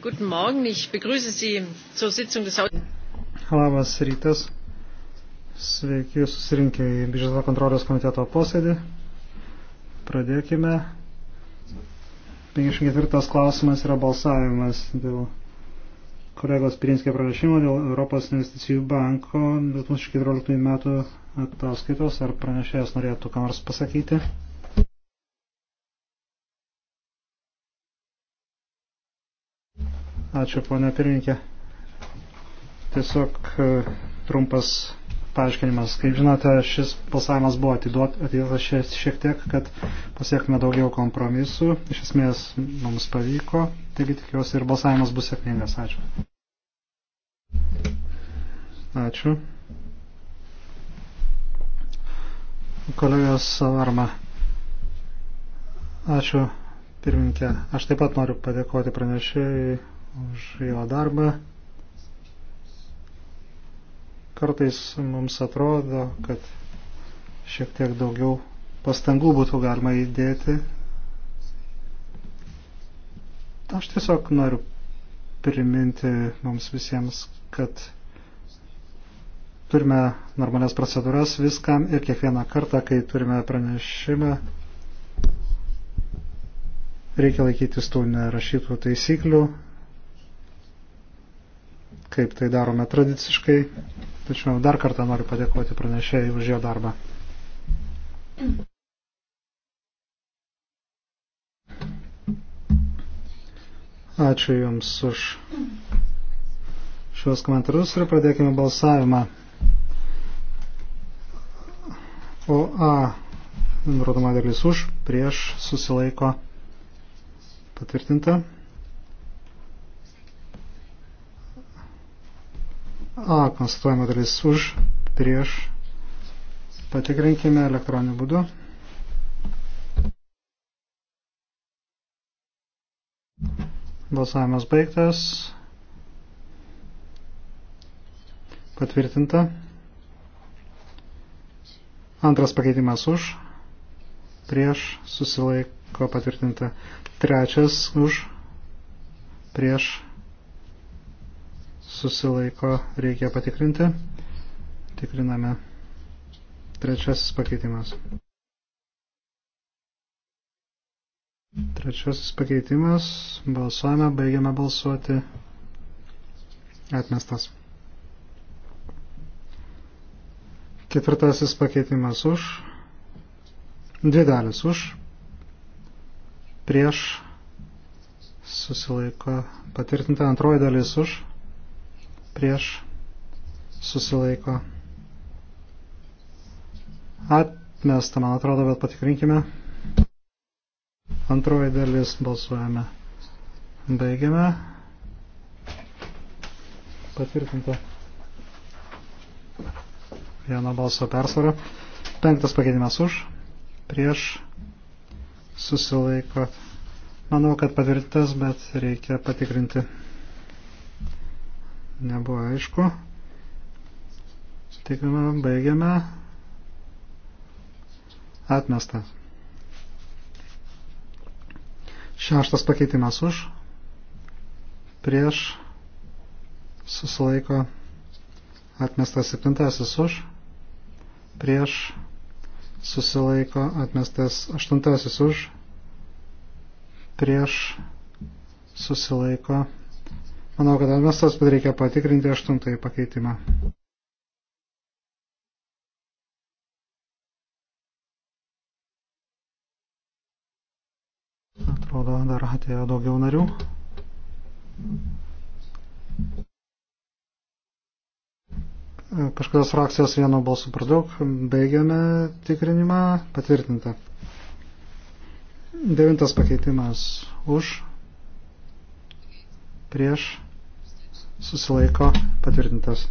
Guten Morgen, ich begrüße Sie zur Sitzung des Labas rytas. Sveiki susirinkę į Biudžeto kontrolės komiteto posėdį. Pradėkime. 54 klausimas yra balsavimas dėl kolegos Pirinskio pranešimo dėl Europos investicijų banko 2014 metų ataskaitos. Ar pranešėjas norėtų ką nors pasakyti? Ačiū, ponia pirmininkė. Tiesiog e, trumpas paaiškinimas. Kaip žinote, šis balsavimas buvo atidėtas šiek tiek, kad pasiektume daugiau kompromisų. Iš esmės mums pavyko, taigi tikiuosi ir balsavimas bus sėkmingas. Ačiū. Ačiū. Kolegos Savarma. Ačiū, pirmininkė. Aš taip pat noriu padėkoti pranešėjai už jo darbą. Kartais mums atrodo, kad šiek tiek daugiau pastangų būtų galima įdėti. Aš tiesiog noriu priminti mums visiems, kad turime normalias procedūras viskam ir kiekvieną kartą, kai turime pranešimą, reikia laikytis tų nerašytų taisyklių kaip tai darome tradiciškai. Tačiau dar kartą noriu padėkoti pranešėjai už jo darbą. Ačiū Jums už šios komentarus ir pradėkime balsavimą. O A, nurodoma dalis už, prieš, susilaiko, patvirtinta. A konstatuojama dalis už, prieš. Patikrinkime elektroniniu būdu. Balsavimas baigtas. Patvirtinta. Antras pakeitimas už. Prieš susilaiko patvirtinta. Trečias už. Prieš susilaiko, reikia patikrinti. Tikriname. Trečiasis pakeitimas. Trečiasis pakeitimas. Balsuojame, baigiame balsuoti. Atmestas. Ketvirtasis pakeitimas už. Dvi dalis už. Prieš susilaiko patvirtinta antroji dalis už prieš susilaiko. Atmesta, man atrodo, bet patikrinkime. Antroji dalis balsuojame. Baigiame. Patvirtinta. Vieno balso persvara. Penktas pakeitimas už. Prieš susilaiko. Manau, kad patvirtintas, bet reikia patikrinti nebuvo aišku. Tikriname, baigiame. Atmesta. Šeštas pakeitimas už. Prieš. Susilaiko. Atmestas septintasis už. Prieš. Susilaiko. Atmestas aštuntasis už. Prieš. Susilaiko Manau, kad atmestas, bet reikia patikrinti aštuntąjį pakeitimą. Atrodo, dar atėjo daugiau narių. Kažkokios frakcijos vieno balsų per daug. Baigiame tikrinimą. Patvirtinta. Devintas pakeitimas už. Prieš susilaiko patvirtintas.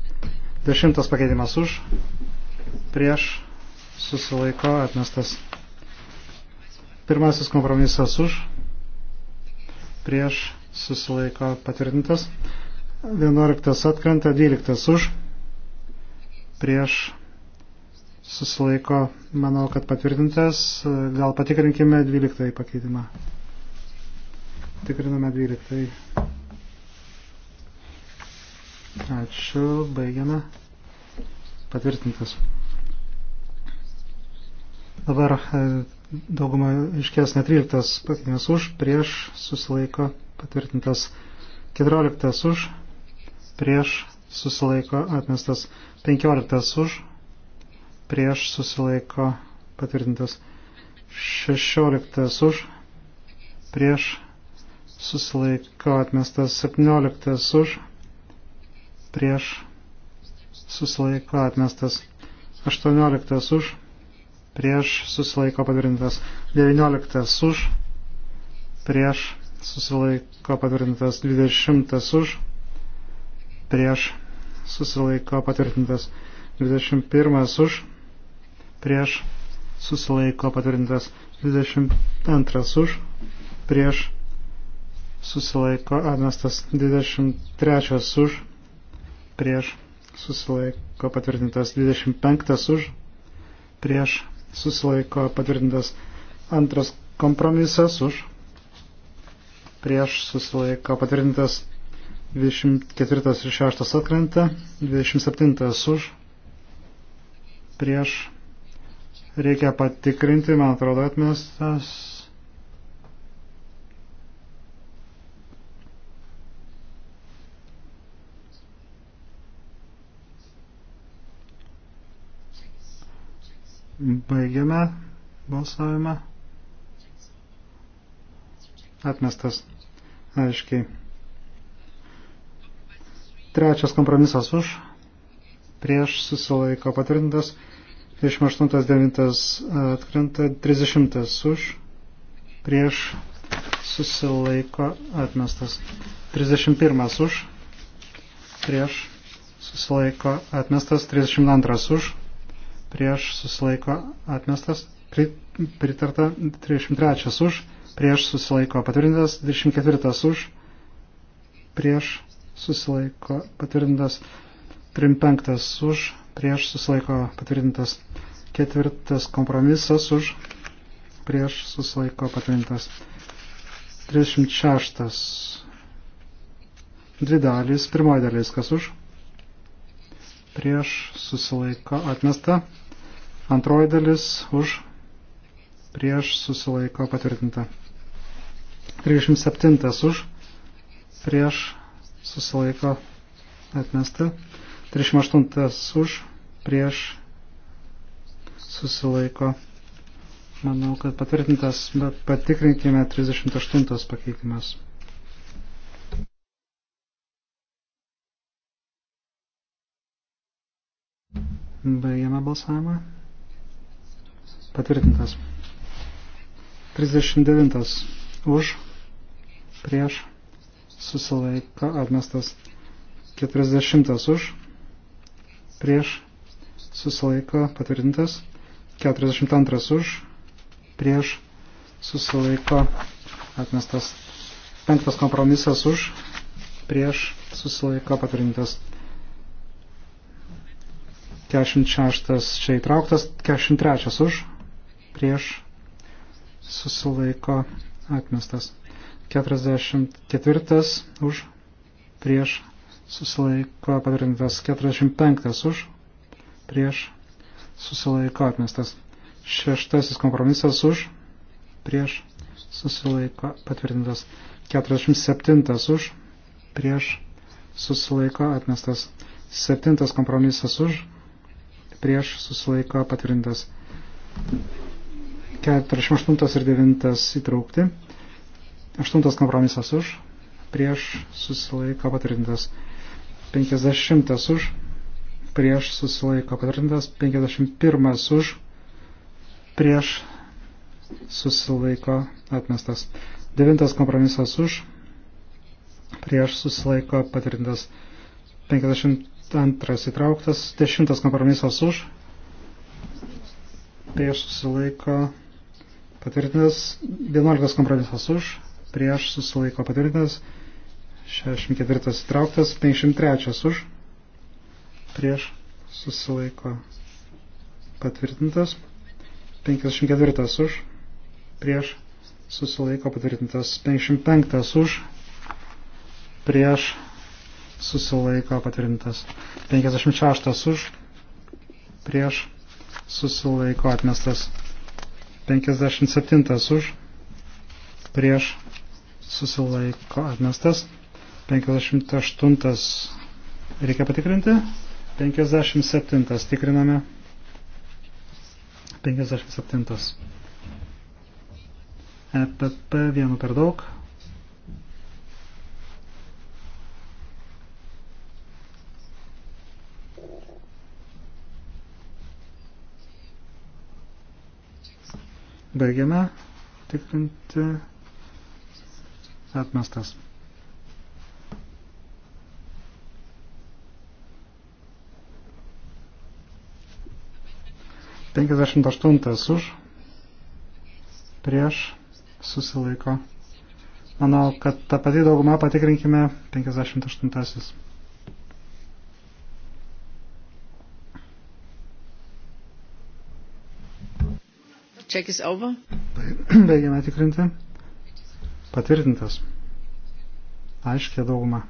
Dešimtas pakeitimas už, prieš susilaiko atmestas. Pirmasis kompromisas už, prieš susilaiko patvirtintas. Vienuoliktas atkrenta, dvyliktas už, prieš susilaiko, manau, kad patvirtintas. Gal patikrinkime dvyliktąjį pakeitimą. Tikriname dvyliktąjį. Ačiū, baigiame. Patvirtintas. Dabar e, dauguma iškesnė 13 pakeitimas už, prieš susilaiko patvirtintas 14 už, prieš susilaiko atmestas 15 už, prieš susilaiko patvirtintas 16 už, prieš susilaiko atmestas 17 už, prieš susilaiko atmestas. 18 už prieš susilaiko patvirtintas. 19 už prieš susilaiko patvirtintas. 20 už prieš susilaiko patvirtintas. 21 už prieš susilaiko patvirtintas. 22 už prieš susilaiko atmestas. 23 už prieš prieš susilaiko patvirtintas 25 už, prieš susilaiko patvirtintas antras kompromisas už, prieš susilaiko patvirtintas 24 ir 6 atkrenta, 27 už, prieš reikia patikrinti, man atrodo, atmestas Baigiame balsavimą. Atmestas. Aiškiai. Trečias kompromisas už. Prieš susilaiko patvirtintas. 28.9 atkrenta. 30 už. Prieš susilaiko atmestas. 31 už. Prieš susilaiko atmestas. 32 už prieš susilaiko atmestas, pritarta 33 už, prieš susilaiko patvirtintas, 24 už, prieš susilaiko patvirtintas, 35 už, prieš susilaiko patvirtintas, ketvirtas kompromisas už, prieš susilaiko patvirtintas, 36 dvi dalys, pirmoji dalis kas už prieš susilaiko atmesta. Antroji dalis už prieš susilaiko patvirtinta. 37 už prieš susilaiko atmesta. 38 už prieš susilaiko. Manau, kad patvirtintas, bet patikrinkime 38 pakeitimas. Baigiame balsavimą. Patvirtintas. 39. Už. Prieš. Susilaiko. Atmestas. 40. Už. Prieš. Susilaiko. Patvirtintas. 42. Už. Prieš. Susilaiko. Atmestas. Penktas kompromisas už. Prieš. Susilaiko. Patvirtintas. 46 čia įtrauktas, 43 už, prieš susilaiko atmestas. 44 už, prieš susilaiko patvirtintas. 45 už, prieš susilaiko atmestas. Šeštasis kompromisas už, prieš susilaiko patvirtintas. 47 už, prieš susilaiko atmestas. Septintas kompromisas už, prieš susilaiko patvirtintas 48 ir 9 įtraukti. 8 kompromisas už, prieš susilaiko patvirtintas 50 už, prieš susilaiko patvirtintas 51 už, prieš susilaiko atmestas. 9 kompromisas už, prieš susilaiko patvirtintas 52 Antras įtrauktas. Dešimtas kompromisas už. Prieš susilaiko patvirtintas. Vienuoliktas kompromisas už. Prieš susilaiko patvirtintas. 64 įtrauktas. 53 už. Prieš susilaiko patvirtintas. 54 už. Prieš susilaiko patvirtintas. 55 už. Prieš susilaiko patvirtintas. 56 už, prieš, susilaiko atmestas. 57 už, prieš, susilaiko atmestas. 58 reikia patikrinti. 57 tikriname. 57. EPP vienu per daug. Baigiame tikrinti atmestas. Penkiasdešimt aštuntas už, prieš, susilaiko. Manau, kad tą patį daugumą patikrinkime 58. check is over. Baigiame tikrinti. Patvirtintas. Aiškia dauguma.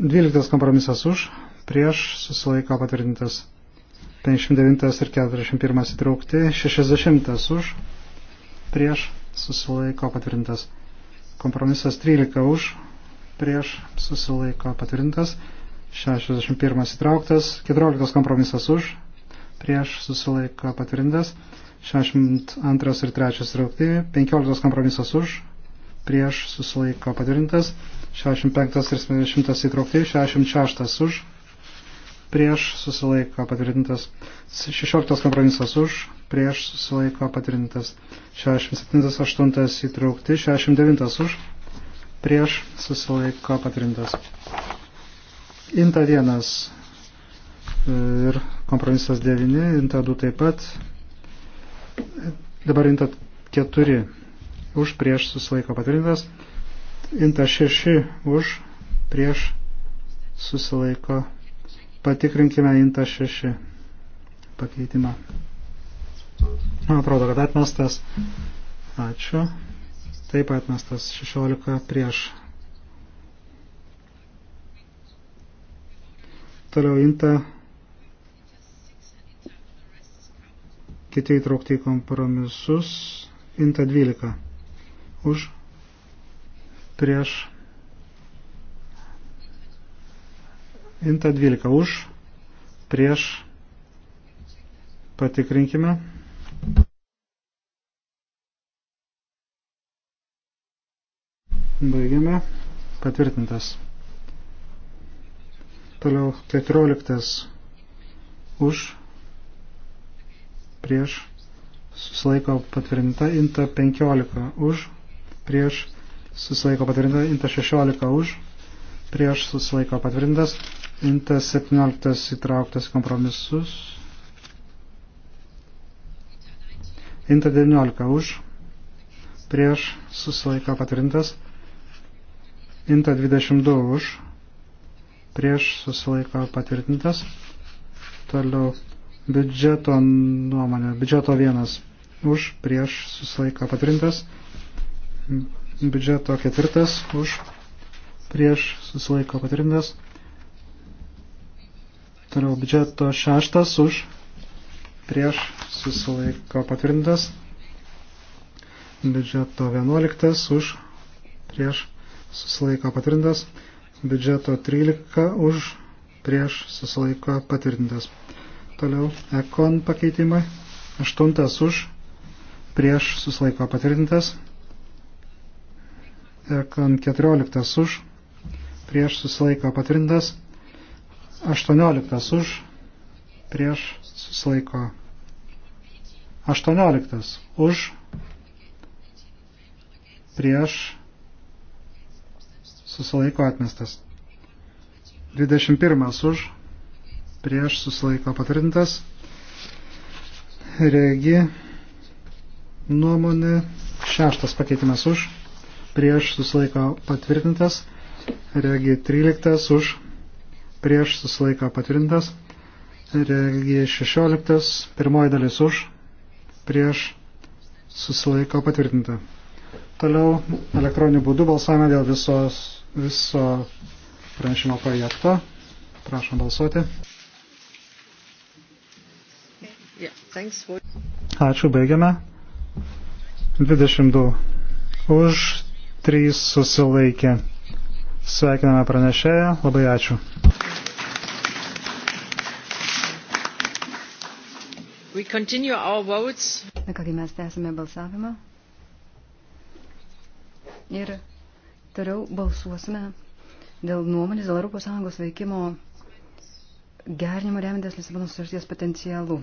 12 kompromisas už, prieš susilaiko patvirtintas. 59 ir 41 įtraukti, 60 už, prieš susilaiko patvirtintas. Kompromisas 13 už, prieš susilaiko patvirtintas. 61 įtrauktas, 14 kompromisas už, prieš susilaiko patvirtintas, 62 ir 3 traukti, 15 kompromisas už, prieš susilaiko patvirtintas, 65 ir 70 įtraukti, 66 už, prieš susilaiko patvirtintas, 16 kompromisas už, prieš susilaiko patvirtintas, 67, 8 įtraukti, 69 už, prieš susilaiko patvirtintas. Inta vienas ir kompromisas 9, inta 2 taip pat. Dabar inta 4 už prieš susilaiko patvirtintas, inta 6 už prieš susilaiko. Patikrinkime inta 6 pakeitimą. Man atrodo, kad atmestas. Ačiū. Taip atmestas 16 prieš. Toliau inta kiti įtraukti į kompromisus. Inta 12. Už, prieš. Inta 12. Už, prieš. Patikrinkime. Baigiame. Patvirtintas. Toliau 14. Už prieš susilaiko patvirtinta inta 15 už, prieš susilaiko patvirtinta inta 16 už, prieš susilaiko patvirtintas inta 17 įtrauktas kompromisus, inta 19 už, prieš susilaiko patvirtintas inta 22 už, prieš susilaiko patvirtintas. Toliau Biudžeto nuomonė. Biudžeto vienas. Už, prieš, susilaiko patrintas. Biudžeto ketvirtas. Už, prieš, susilaiko patrintas. Toliau biudžeto šeštas. Už, prieš, susilaiko patrintas. Biudžeto vienuoliktas. Už, prieš, susilaiko patrintas biudžeto 13 už prieš susilaiko patvirtintas. Toliau ekon pakeitimai. Aštuntas už. Prieš susilaiko patvirtintas. Ekon keturioliktas už. Prieš susilaiko patvirtintas. Aštuonioliktas už. Prieš susilaiko. Aštuonioliktas už. Prieš susilaiko atmestas. 21 už prieš susilaiko patvirtintas. Regi nuomonė, šeštas pakeitimas už, prieš susilaiko patvirtintas. Regi 13 už, prieš susilaiko patvirtintas. Regi 16, pirmoji dalis už, prieš susilaiko patvirtinta. Toliau elektroniniu būdu balsavome dėl visos, viso pranešimo projekto. Prašom balsuoti. Ačiū, baigiame. 22 už, 3 susilaikė. Sveikiname pranešėją, labai ačiū. Na kągi mes tęsime balsavimą. Ir toliau balsuosime dėl nuomonės dėl ES veikimo gerinimo remintis Lisabonos sutarties potencialu.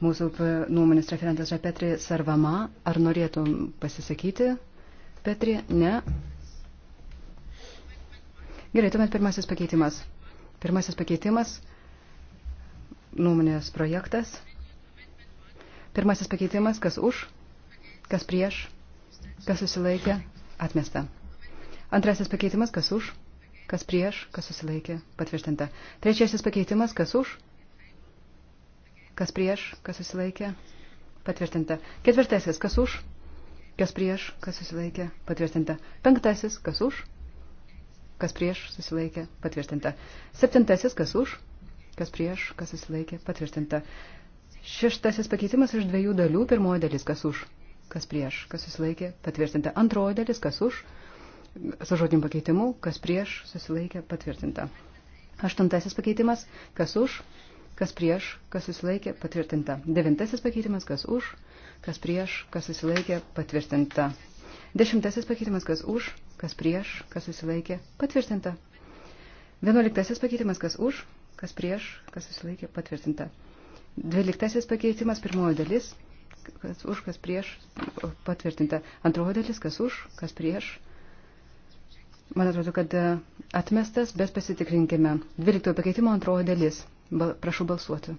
Mūsų nuomonės referentas yra Petri Sarvama. Ar norėtum pasisakyti, Petri? Ne. Gerai, tuomet pirmasis pakeitimas. Pirmasis pakeitimas – nuomonės projektas. Pirmasis pakeitimas – kas už, kas prieš, kas susilaikė, atmesta. Antrasis pakeitimas – kas už, kas prieš, kas susilaikė, patvirtinta. Trečiasis pakeitimas – kas už, Kas prieš, kas susilaikė? Patvirtinta. Ketvirtasis, kas už? Kas prieš, kas susilaikė? Patvirtinta. Penktasis, kas už? Kas prieš, susilaikė? Patvirtinta. Septintasis, kas už? Kas prieš, kas susilaikė? Patvirtinta. Šeštasis pakeitimas iš dviejų dalių. Pirmoji dalis, kas už? Kas prieš, kas susilaikė? Patvirtinta. Antroji dalis, kas už? Su žodiniu pakeitimu, kas prieš, susilaikė? Patvirtinta. Aštuntasis pakeitimas, kas už, kas prieš, kas susilaikė, patvirtinta. Devintasis pakeitimas, kas už, kas prieš, kas susilaikė, patvirtinta. Dešimtasis pakeitimas, kas už, kas prieš, kas susilaikė, patvirtinta. Vienuoliktasis pakeitimas, kas už, kas prieš, kas susilaikė, patvirtinta. Dvyliktasis pakeitimas, pirmoji dalis, kas už, kas prieš, patvirtinta. Antroji dalis, kas už, kas prieš. Man atrodo, kad e, atmestas, bet pasitikrinkime. Dvyliktojo pakeitimo antroji dalis. Bal, prašau balsuoti.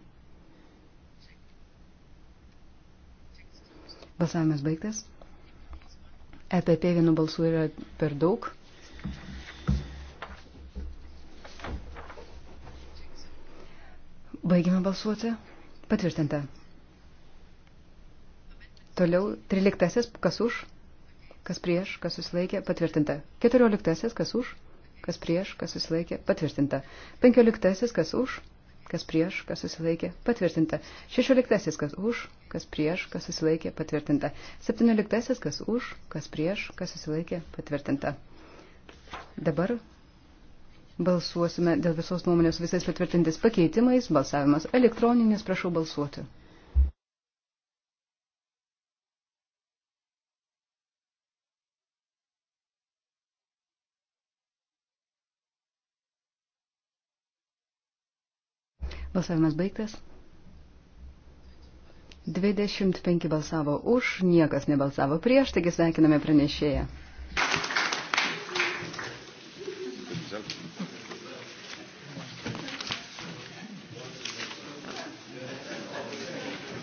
Balsavimas baigtas. EPP vienu balsu yra per daug. Baigime balsuoti. Patvirtinta. Toliau 13. Kas už? Kas prieš? Kas susilaikė? Patvirtinta. 14. Kas už? Kas prieš? Kas susilaikė? Patvirtinta. 15. Kas už? kas prieš, kas susilaikė, patvirtinta. Šešioliktasis, kas už, kas prieš, kas susilaikė, patvirtinta. Septynioliktasis, kas už, kas prieš, kas susilaikė, patvirtinta. Dabar balsuosime dėl visos nuomonės visais patvirtintis pakeitimais. Balsavimas elektroninis, prašau balsuoti. Balsavimas baigtas. 25 balsavo už, niekas nebalsavo prieš, taigi sveikiname pranešėją.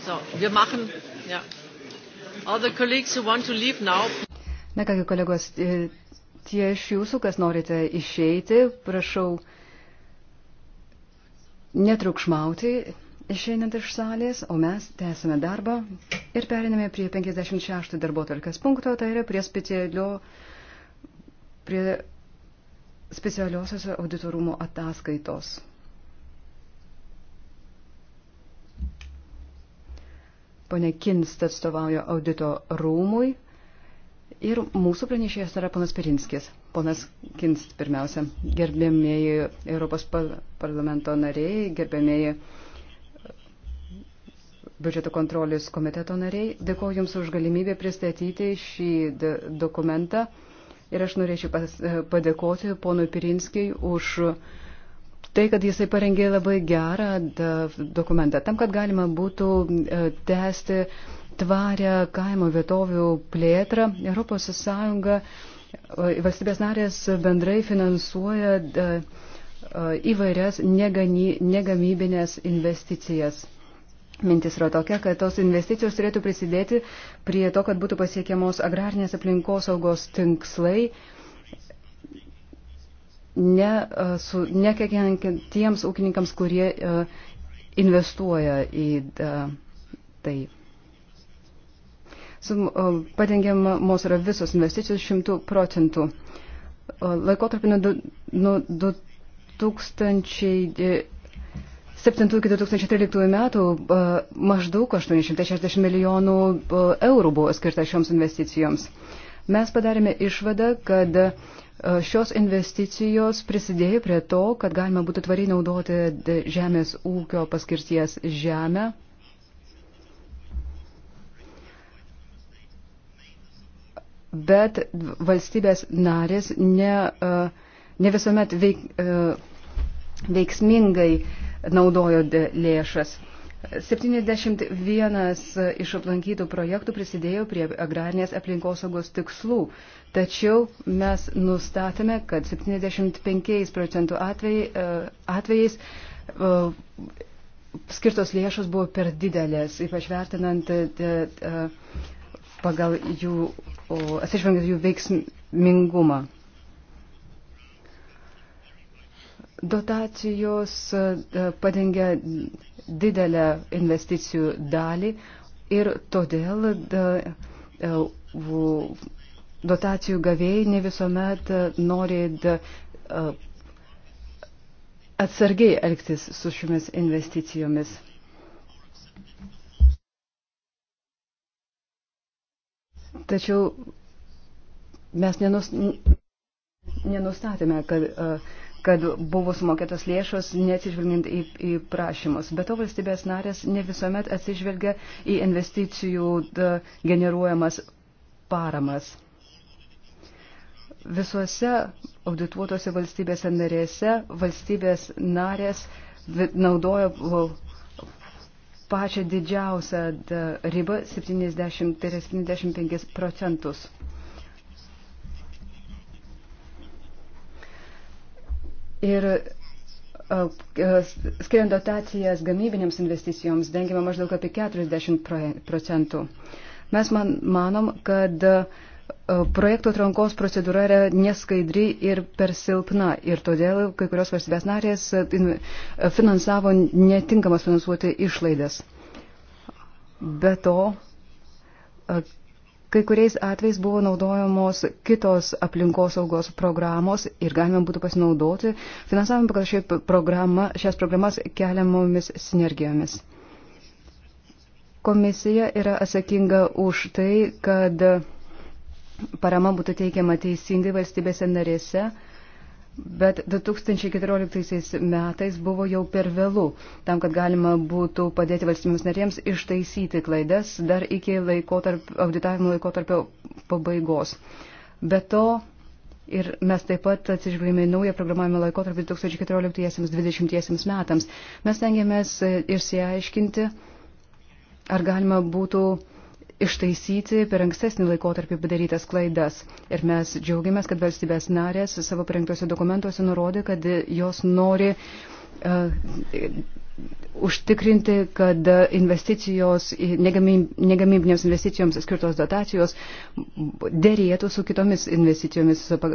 So, wir machen, ja. All the colleagues who want to leave now. Na kągi kolegos, tie iš jūsų, kas norite išeiti, prašau netrukšmauti išeinant iš salės, o mes tęsime darbą ir periname prie 56 darbo tvarkės punkto, tai yra prie, specialio, prie specialiosios auditorumo ataskaitos. Pone Kinst atstovauja audito rūmui. Ir mūsų pranešėjas yra ponas Pirinskis. Ponas Kins, pirmiausia, gerbėmėjai Europos parlamento nariai, gerbėmėjai biudžeto kontrolės komiteto nariai, dėkoju Jums už galimybę pristatyti šį dokumentą. Ir aš norėčiau pas, padėkoti ponui Pirinskijui už tai, kad jisai parengė labai gerą da, dokumentą, tam, kad galima būtų e, tęsti tvarę kaimo vietovių plėtrą, ES valstybės narės bendrai finansuoja įvairias negany, negamybinės investicijas. Mintis yra tokia, kad tos investicijos turėtų prisidėti prie to, kad būtų pasiekiamos agrarinės aplinkosaugos tinkslai, ne, su, ne kiekvienams ūkininkams, kurie investuoja į tai padengiamos yra visos investicijos 100 procentų. Laikotarpį nuo 2007 e, iki 2013 metų e, maždaug 860 milijonų e, eurų buvo skirta šioms investicijoms. Mes padarėme išvadą, kad šios investicijos prisidėjo prie to, kad galima būtų tvariai naudoti žemės ūkio paskirties žemę bet valstybės narės ne, e, ne visuomet veik, e, veiksmingai naudojo lėšas. 71 iš aplankytų projektų prisidėjo prie agrarinės aplinkosaugos tikslų, tačiau mes nustatėme, kad 75 procentų atvejai, e, atvejais skirtos lėšos buvo per didelės, ypač vertinant pagal jų, atsižvelgiant jų veiksmingumą. Dotacijos e, padengia didelę investicijų dalį ir todėl e, e, dotacijų gavėjai ne visuomet nori atsargiai elgtis su šiomis investicijomis. Tačiau mes nenus, nenustatėme, kad, kad buvo sumokėtos lėšos neatsižvelgiant į, į prašymus. Be to valstybės narės ne visuomet atsižvelgia į investicijų generuojamas paramas. Visuose audituotose valstybėse narėse valstybės narės naudoja pačią didžiausią ribą 70, tai 75 procentus. Ir skiriant dotacijas gamybinėms investicijoms dengiama maždaug apie 40 procentų. Mes man, manom, kad uh, E, projektų atrankos procedūra yra neskaidri ir per silpna ir todėl kai kurios valstybės narės e, e, finansavo netinkamas finansuoti išlaidas. Be to, kai kuriais atvejais buvo naudojamos kitos aplinkosaugos programos ir galima būtų pasinaudoti finansavimą pagal šią programą, šias programas keliamomis sinergijomis. Komisija yra atsakinga už tai, kad parama būtų teikiama teisingai valstybėse narėse, bet 2014 metais buvo jau per vėlų, tam, kad galima būtų padėti valstybėms narėms ištaisyti klaidas dar iki laikotarp, auditavimo laikotarpio pabaigos. Be to, Ir mes taip pat atsižvelgėme į naują programavimo laikotarpį 2014-2020 metams. Mes tengiamės išsiaiškinti, ar galima būtų uh, ištaisyti per ankstesnį laikotarpį padarytas klaidas. Ir mes džiaugiamės, kad valstybės narės savo parengtose dokumentuose nurodė, kad jos nori uh, užtikrinti, kad investicijos, negamybinėms investicijoms skirtos dotacijos dėrėtų su kitomis investicijomis uh,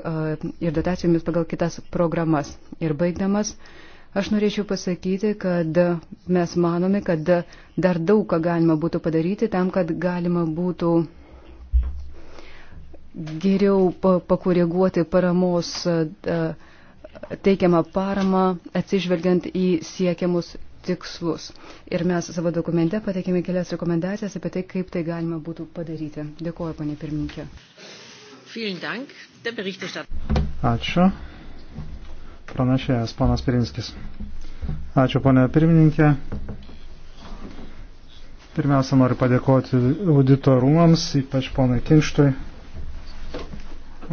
ir dotacijomis pagal kitas programas. Ir baigdamas. Uh, Aš norėčiau pasakyti, kad mes manome, kad dar daug ką galima būtų padaryti tam, kad galima būtų geriau pakoreguoti paramos e, teikiamą paramą atsižvelgiant į siekiamus tikslus. Ir mes savo dokumente pateikėme kelias rekomendacijas apie tai, kaip tai galima būtų padaryti. Dėkuoju, panė pirmininkė. Ačiū pranešėjas, panas Pirinskis. Ačiū, ponė pirmininkė. Pirmiausia, noriu padėkoti auditorumams, ypač ponai Kinštui,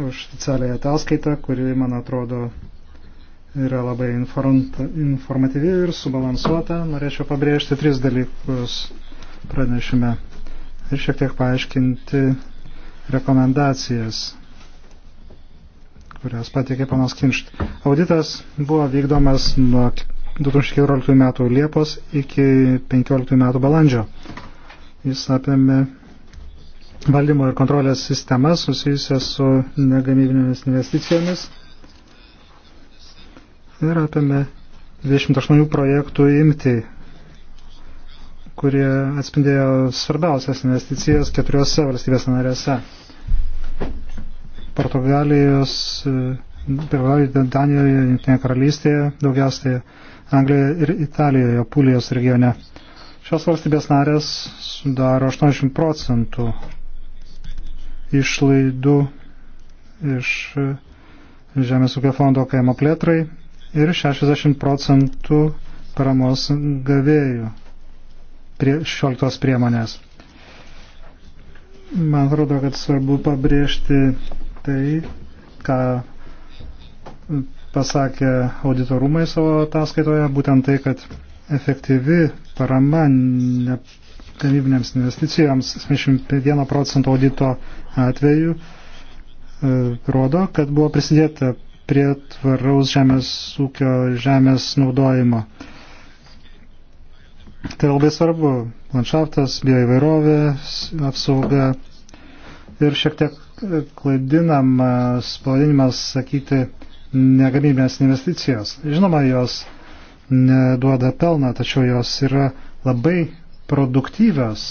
už oficialiai ataskaitą, kuri, man atrodo, yra labai informatyvi ir subalansuota. Norėčiau pabrėžti tris dalykus pranešime ir šiek tiek paaiškinti rekomendacijas kurias pateikė panas Kinšt. Auditas buvo vykdomas nuo 2014 metų Liepos iki 2015 metų balandžio. Jis apėmė valdymo ir kontrolės sistemas susijusias su negamybinėmis investicijomis ir apėmė 28 projektų imti, kurie atspindėjo svarbiausias investicijas keturiose valstybės narėse. Portugalijos, Portugalijoje, Danijoje, Junktinėje karalystėje, daugiausiai Anglijoje ir Italijoje, Pulijos regione. Šios valstybės narės sudaro 80 procentų išlaidų iš e, Žemės ūkio fondo kaimo plėtrai ir 60 procentų paramos gavėjų prie šioltos priemonės. Man atrodo, kad svarbu pabrėžti tai, ką pasakė auditorumai savo ataskaitoje, būtent tai, kad efektyvi parama gamybinėms investicijoms 71 procentų audito atveju e, rodo, kad buvo prisidėta prie tvaraus žemės ūkio žemės naudojimo. Tai labai svarbu. Landšaftas, bioįvairovė, apsauga ir šiek tiek klaidinamas pavadinimas sakyti negamybės investicijos. Žinoma, jos neduoda pelną, tačiau jos yra labai produktyvios,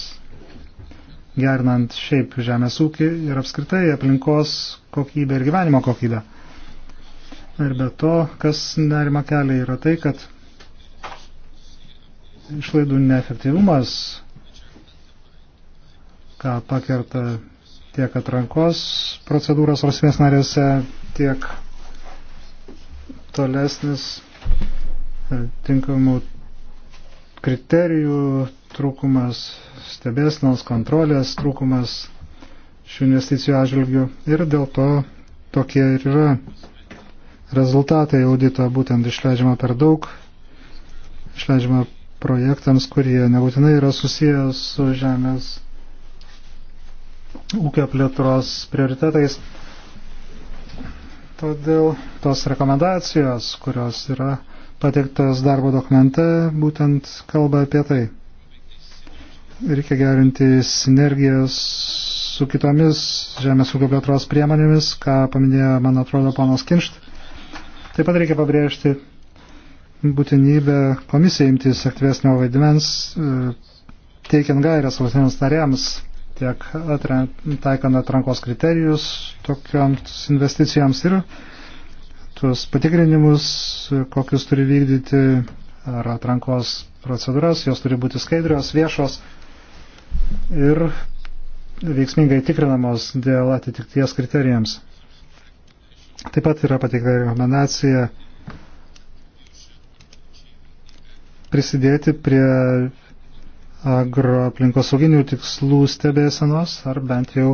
gernant šiaip žemės ūkį ir apskritai aplinkos kokybę ir gyvenimo kokybę. Ir be to, kas nerima kelia, yra tai, kad išlaidų neefektyvumas, ką pakerta tiek atrankos procedūros valstybės narėse, tiek tolesnis e, tinkamų kriterijų trūkumas, stebėsnos kontrolės trūkumas šių investicijų atžvilgių ir dėl to tokie ir yra rezultatai audito būtent išleidžiama per daug, išleidžiama projektams, kurie nebūtinai yra susijęs su žemės ūkio plėtros prioritetais. Todėl tos rekomendacijos, kurios yra pateiktos darbo dokumente, būtent kalba apie tai. Reikia gerinti sinergijas su kitomis žemės ūkio plėtros priemonėmis, ką paminėjo, man atrodo, panas Kinšt. Taip pat reikia pabrėžti būtinybę komisijai imtis aktyvesnio vaidmens, e, teikiant gairias valstybėms narėms tiek atren, taikant atrankos kriterijus tokioms investicijoms ir tuos patikrinimus, kokius turi vykdyti ar atrankos procedūras, jos turi būti skaidrios, viešos ir veiksmingai tikrinamos dėl atitikties kriterijams. Taip pat yra pateikta rekomendacija prisidėti prie agroaplinkosauginių tikslų stebėsenos ar bent jau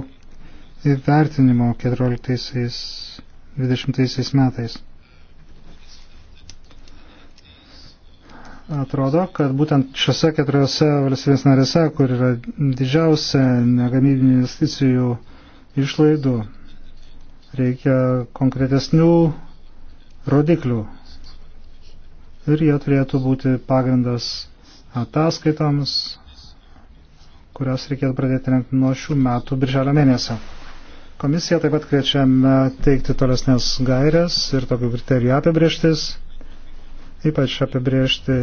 įvertinimo 14-20 metais. Atrodo, kad būtent šiose keturiose valstybės narėse, kur yra didžiausia negamybinių investicijų išlaidų, reikia konkretesnių rodiklių ir jie turėtų būti pagrindas ataskaitoms, kurias reikėtų pradėti rengti nuo šių metų birželio mėnesio. Komisija taip pat kviečiame teikti tolesnės gairės ir tokių kriterijų apibrieštis, ypač apibriežti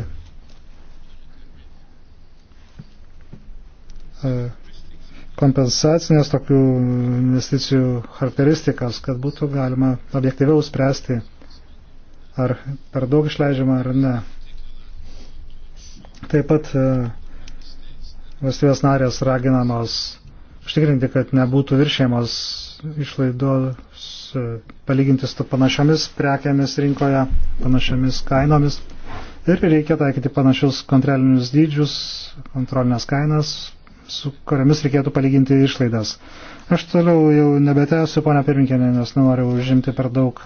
e, kompensacinės tokių investicijų charakteristikas, kad būtų galima objektyviau spręsti, ar per daug išleidžiama ar ne. Taip pat e, valstybės narės raginamos užtikrinti, kad nebūtų viršėjamos išlaidos e, palyginti su panašiomis prekiamis rinkoje, panašiomis kainomis. Ir reikia taikyti panašius kontrolinius dydžius, kontrolinės kainas, su kuriamis reikėtų palyginti išlaidas. Aš toliau jau nebetęsiu, ponia pirminkinė, nes nenoriu užimti per daug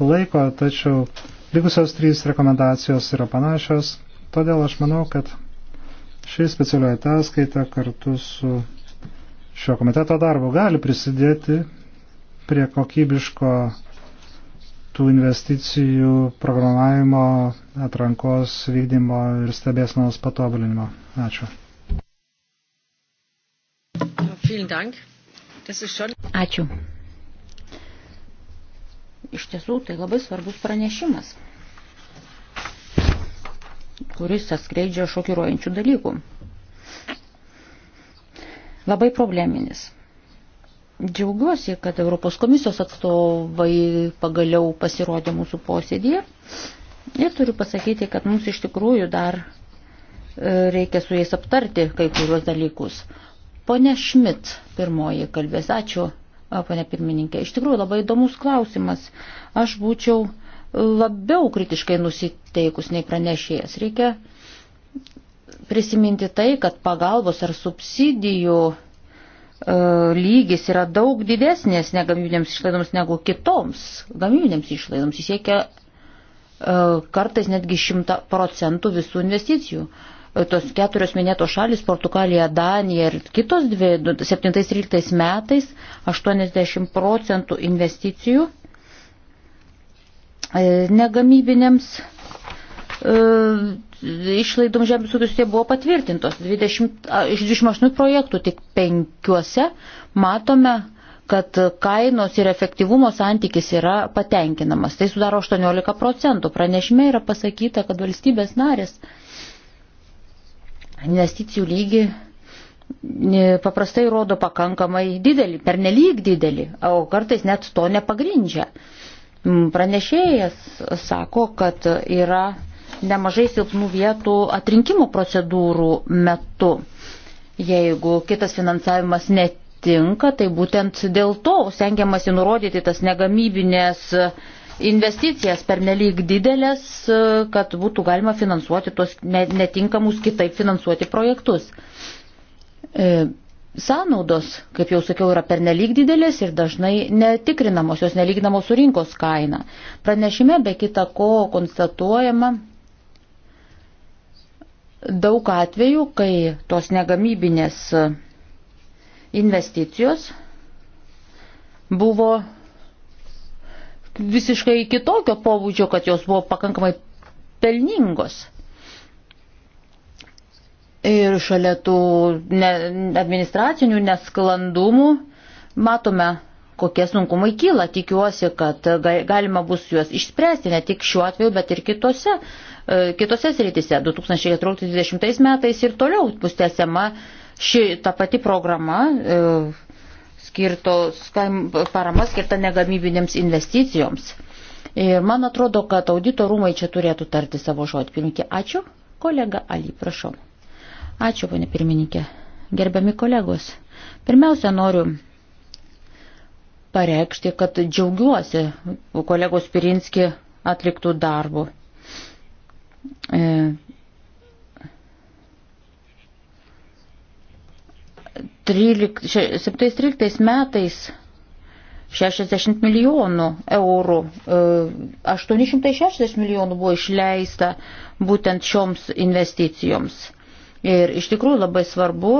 laiko, tačiau likusios trys rekomendacijos yra panašios. Todėl aš manau, kad ši specialioji ataskaita kartu su šio komiteto darbu gali prisidėti prie kokybiško tų investicijų programavimo, atrankos vykdymo ir stebėsnos patobulinimo. Ačiū. Ačiū. Iš tiesų, tai labai svarbus pranešimas kuris atskleidžia šokiruojančių dalykų. Labai probleminis. Džiaugiuosi, kad Europos komisijos atstovai pagaliau pasirodė mūsų posėdėje. Ir turiu pasakyti, kad mums iš tikrųjų dar e, reikia su jais aptarti kai kuriuos dalykus. Pone Šmit pirmoji kalbės. Ačiū, pone pirmininkė. Iš tikrųjų labai įdomus klausimas. Aš būčiau labiau kritiškai nusiteikus nei pranešėjas. Reikia prisiminti tai, kad pagalbos ar subsidijų e, lygis yra daug didesnės negamybinėms išlaidoms negu kitoms gamybinėms išlaidoms. Jis siekia e, kartais netgi 100 procentų visų investicijų e, tos keturios minėtos šalis - Portugalija, Danija ir kitos dvi - 7-13 metais 80 procentų investicijų E, negamybinėms e, išlaidom žemės ūkis tie buvo patvirtintos. 20, iš 28 projektų tik penkiuose matome, kad kainos ir efektyvumo santykis yra patenkinamas. Tai sudaro 18 procentų. Pranešime yra pasakyta, kad valstybės narės investicijų lygį e, paprastai rodo pakankamai didelį, pernelyg didelį, o kartais net to nepagrindžia. Mm, pranešėjas sako, kad yra nemažai silpnų vietų atrinkimo procedūrų metu. Jeigu kitas finansavimas netinka, tai būtent dėl to stengiamasi nurodyti tas negamybinės investicijas pernelyg didelės, kad būtų galima finansuoti tos netinkamus kitaip finansuoti projektus. E, Sąnaudos, kaip jau sakiau, yra pernelyg didelės ir dažnai netikrinamos, jos nelyginamos su rinkos kaina. Pranešime be kita ko konstatuojama daug atvejų, kai tos negamybinės investicijos buvo visiškai kitokio pobūdžio, kad jos buvo pakankamai pelningos. Ir šalia tų ne, administracinių nesklandumų matome, kokie sunkumai kyla. Tikiuosi, kad galima bus juos išspręsti ne tik šiuo atveju, bet ir kitose, e, kitose sritise. 2014-2020 metais ir toliau bus tęsiama ši ta pati programa e, skirtos, parama skirta negamybinėms investicijoms. Ir man atrodo, kad audito rūmai čia turėtų tarti savo žodį. Pirminkė, ačiū. Kolega Ali, prašau. Ačiū, ponė pirmininkė. Gerbiami kolegos, pirmiausia, noriu pareikšti, kad džiaugiuosi kolegos Pirinski atliktų darbų. E, Trylik, 17-13 metais 60 milijonų eurų, 860 e, milijonų buvo išleista būtent šioms investicijoms. Ir iš tikrųjų labai svarbu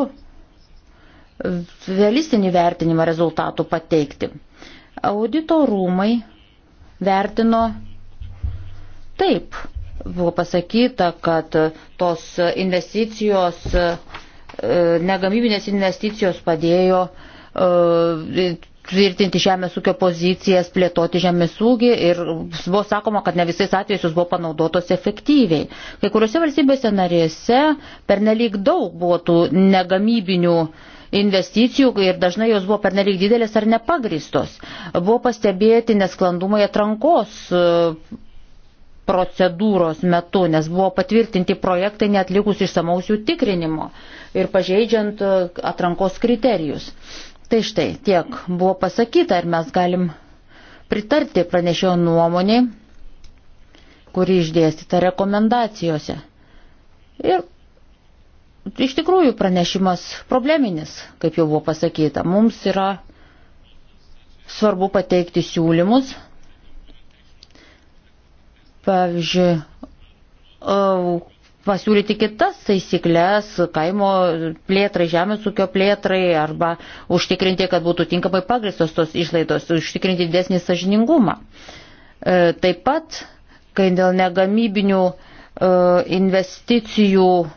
realistinį vertinimą rezultatų pateikti. Audito rūmai vertino taip. Buvo pasakyta, kad tos investicijos, e, negamybinės investicijos padėjo e, tvirtinti žemės ūkio pozicijas, plėtoti žemės ūkį ir buvo sakoma, kad ne visais atvejais jos buvo panaudotos efektyviai. Kai kuriuose valstybėse narėse pernelyg daug buvo tų negamybinių investicijų ir dažnai jos buvo pernelyg didelės ar nepagristos. Buvo pastebėti nesklandumai atrankos e, procedūros metu, nes buvo patvirtinti projektai netlikus išsamausių tikrinimo ir pažeidžiant e, atrankos kriterijus. Tai štai tiek buvo pasakyta ir mes galim pritarti pranešėjo nuomonį, kuri išdėstyta rekomendacijose. Ir iš tikrųjų pranešimas probleminis, kaip jau buvo pasakyta. Mums yra svarbu pateikti siūlymus. Pavyzdžiui, pasiūlyti kitas taisyklės kaimo plėtrai, žemės ūkio plėtrai arba užtikrinti, kad būtų tinkamai pagristos tos išlaidos, užtikrinti didesnį sažiningumą. E, taip pat, kai dėl negamybinių e, investicijų e,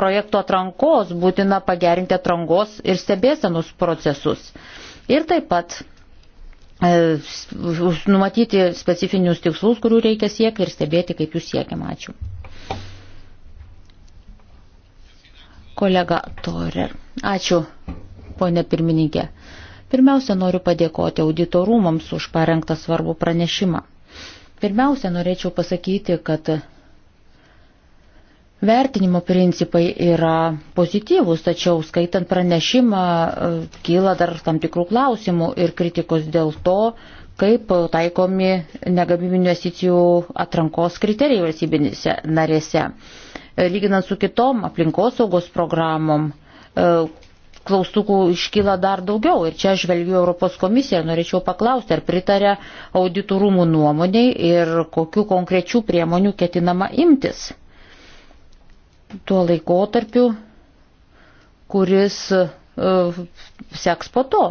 projektų atrankos būtina pagerinti atrankos ir stebėsenus procesus. Ir taip pat numatyti specifinius tikslus, kurių reikia siekti ir stebėti, kaip jų siekiama. Ačiū. kolega Torer. Ačiū, ponė pirmininkė. Pirmiausia, noriu padėkoti auditorumams už parengtą svarbų pranešimą. Pirmiausia, norėčiau pasakyti, kad vertinimo principai yra pozityvūs, tačiau skaitant pranešimą e, kyla dar tam tikrų klausimų ir kritikos dėl to, kaip taikomi negabiminių investicijų atrankos kriterijai valstybinėse narėse. E, lyginant su kitom aplinkosaugos programom, e, klaustukų iškyla dar daugiau. Ir čia žvelgiu Europos komisiją ir norėčiau paklausti, ar pritarė auditorumų nuomoniai ir kokiu konkrečių priemonių ketinama imtis. Tuo laikotarpiu, kuris uh, seks po to,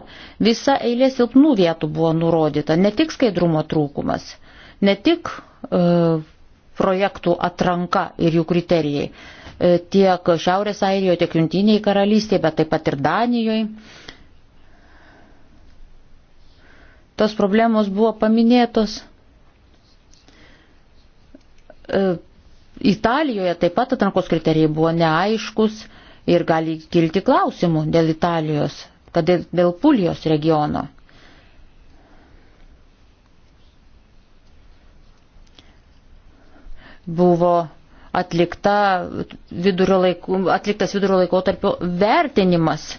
visa eilė silpnų vietų buvo nurodyta, ne tik skaidrumo trūkumas, ne tik uh, projektų atranka ir jų kriterijai. E, tiek Šiaurės Airijoje, tiek Juntiniai karalystėje, bet taip pat ir Danijoje. Tos problemos buvo paminėtos. E, Italijoje taip pat atrankos kriterijai buvo neaiškus ir gali kilti klausimų dėl Italijos, kad dėl Pulijos regiono. buvo atlikta vidurio laiku, atliktas vidurio laikotarpio vertinimas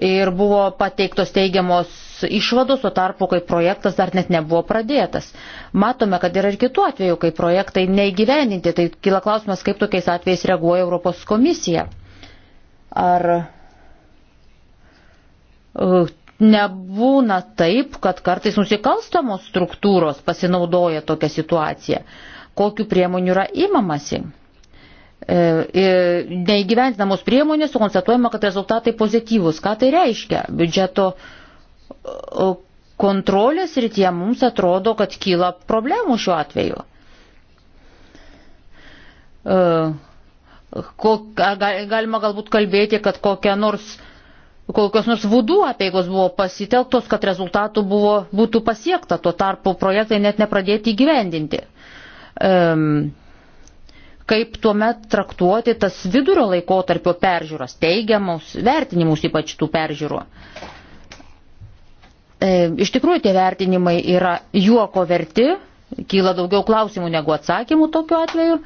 ir buvo pateiktos teigiamos išvados, o tarpu, kai projektas dar net nebuvo pradėtas. Matome, kad yra ir kitų atvejų, kai projektai neįgyveninti, tai kila klausimas, kaip tokiais atvejais reaguoja Europos komisija. Ar e, nebūna taip, kad kartais nusikalstamos struktūros pasinaudoja tokią situaciją? kokiu priemoniu yra imamasi. E, e, Neįgyventinamos priemonės, konstatuojama, kad rezultatai pozityvus. Ką tai reiškia? Biudžeto kontrolės rytie mums atrodo, kad kyla problemų šiuo atveju. E, galima galbūt kalbėti, kad kokia nors kokios nors vudų apėgos buvo pasitelktos, kad rezultatų buvo, būtų pasiekta, tuo tarpu projektai net nepradėti įgyvendinti kaip tuomet traktuoti tas vidurio laikotarpio peržiūros, teigiamus vertinimus ypač tų peržiūrų. Iš tikrųjų, tie vertinimai yra juoko verti, kyla daugiau klausimų negu atsakymų tokiu atveju.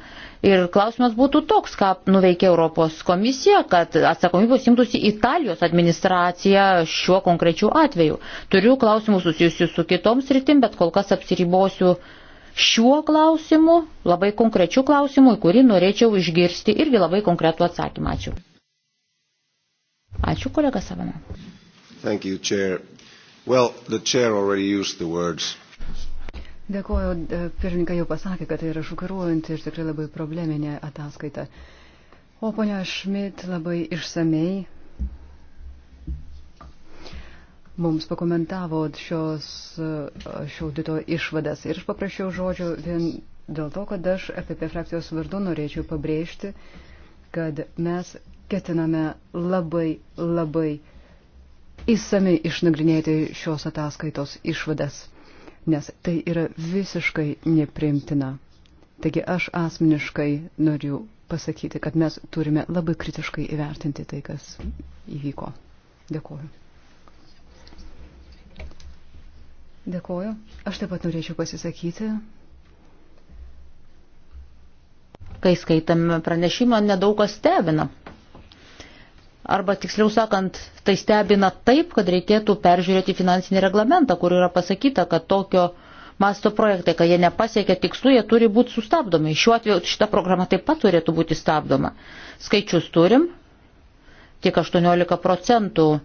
Ir klausimas būtų toks, ką nuveikė Europos komisija, kad atsakomybės imtųsi Italijos administracija šiuo konkrečiu atveju. Turiu klausimų susijusių su kitoms rytim, bet kol kas apsiribosiu uh, šiuo klausimu, labai konkrečiu klausimu, į kurį norėčiau išgirsti irgi labai konkretų atsakymą. Ačiū. Ačiū, kolega Savama. Thank you, Chair. Well, the Chair already used the words. Dėkuoju, e, pirmininkai jau pasakė, kad tai yra šokiruojanti ir tikrai labai probleminė ataskaita. O ponia Šmit labai išsamei mums pakomentavo šios, šio audito išvadas. Ir aš paprašiau žodžio vien dėl to, kad aš apie frakcijos vardu norėčiau pabrėžti, kad mes ketiname labai, labai įsami išnagrinėti šios ataskaitos išvadas, nes tai yra visiškai neprimtina. Taigi aš asmeniškai noriu pasakyti, kad mes turime labai kritiškai įvertinti tai, kas įvyko. Dėkuoju. Dėkoju. Aš taip pat norėčiau pasisakyti. Kai skaitam pranešimą, nedaug kas stebina. Arba tiksliau sakant, tai stebina taip, kad reikėtų peržiūrėti finansinį reglamentą, kur yra pasakyta, kad tokio masto projektai, kai jie nepasiekia tikslų, jie turi būti sustabdomi. Šiuo atveju šita programa taip pat turėtų būti stabdoma. Skaičius turim, tik 18 procentų e,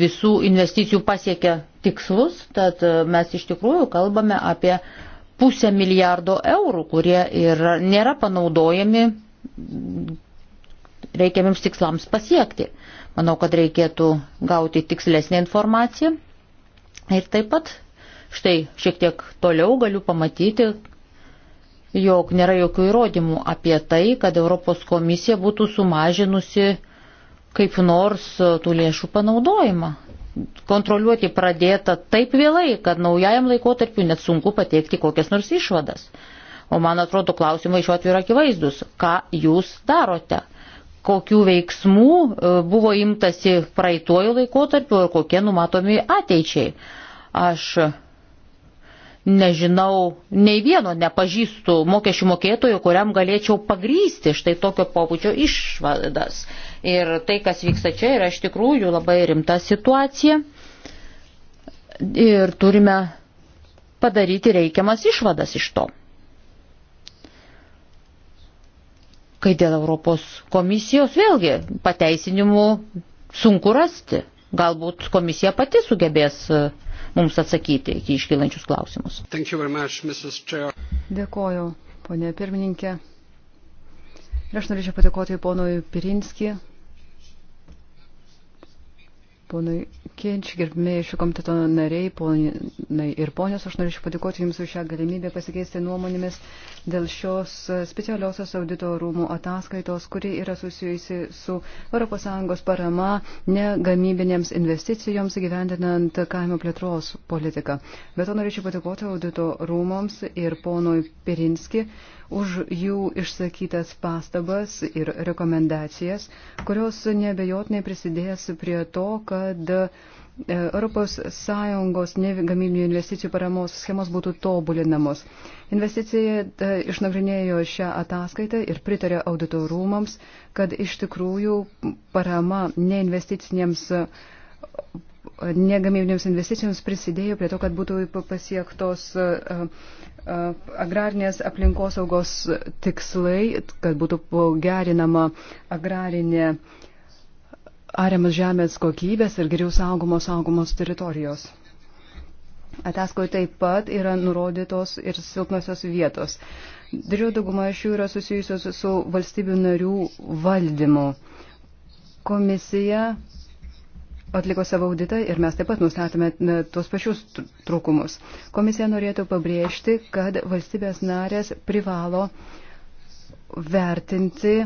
visų investicijų pasiekia tikslus, tad e, mes iš tikrųjų kalbame apie pusę milijardo eurų, kurie ir nėra panaudojami reikiamiems tikslams pasiekti. Manau, kad reikėtų gauti tikslesnę informaciją. Ir taip pat, štai šiek tiek toliau galiu pamatyti, jog nėra jokių įrodymų apie tai, kad Europos komisija būtų sumažinusi kaip nors e, tų lėšų panaudojimą kontroliuoti pradėta taip vėlai, kad naujajam laikotarpiu net sunku pateikti kokias nors išvadas. O man atrodo, klausimai šiuo atveju yra akivaizdus. Ką jūs darote? Kokių veiksmų e, buvo imtasi praeituoju laikotarpiu ir kokie numatomi ateičiai? Aš nežinau, nei vieno nepažįstu mokesčių mokėtojo, kuriam galėčiau pagrysti štai tokio pobūdžio išvadas. Ir tai, kas vyksta čia, yra iš tikrųjų labai rimta situacija. Ir turime padaryti reikiamas išvadas iš to. Kai dėl Europos komisijos vėlgi pateisinimų sunku rasti. Galbūt komisija pati sugebės uh, mums atsakyti į iškilančius klausimus. Much, Dėkoju, ponė pirmininkė. Ir aš norėčiau padėkoti ponui Pirinskijui Ponai Kenč, gerbėjai šio komiteto nariai, ponai ir ponios, aš norėčiau padėkoti Jums už šią galimybę pasikeisti nuomonėmis dėl šios specialiosios audito rūmų ataskaitos, kuri yra susijusi su ES parama negamybinėms investicijoms gyvendinant kaimo plėtros politiką. Bet to norėčiau padėkoti audito rūmoms ir ponui Pirinski už jų išsakytas pastabas ir rekomendacijas, kurios nebejotinai prisidės prie to, kad ES gamybinių investicijų paramos schemos būtų tobulinamos. Investicija e, išnagrinėjo šią ataskaitą ir pritarė auditorumams, kad iš tikrųjų parama neinvesticinėms e, negamybinėms investicijoms prisidėjo prie to, kad būtų pasiektos e, agrarnės aplinkosaugos tikslai, kad būtų gerinama agrarinė ariamas žemės kokybės ir geriau saugomos saugomos teritorijos. Ataskoje taip pat yra nurodytos ir silpnosios vietos. Didžioji dauguma iš jų yra susijusios su valstybių narių valdymu. Komisija atliko savo auditą ir mes taip pat nustatome e, tuos pačius trūkumus. Komisija norėtų pabrėžti, kad valstybės narės privalo vertinti,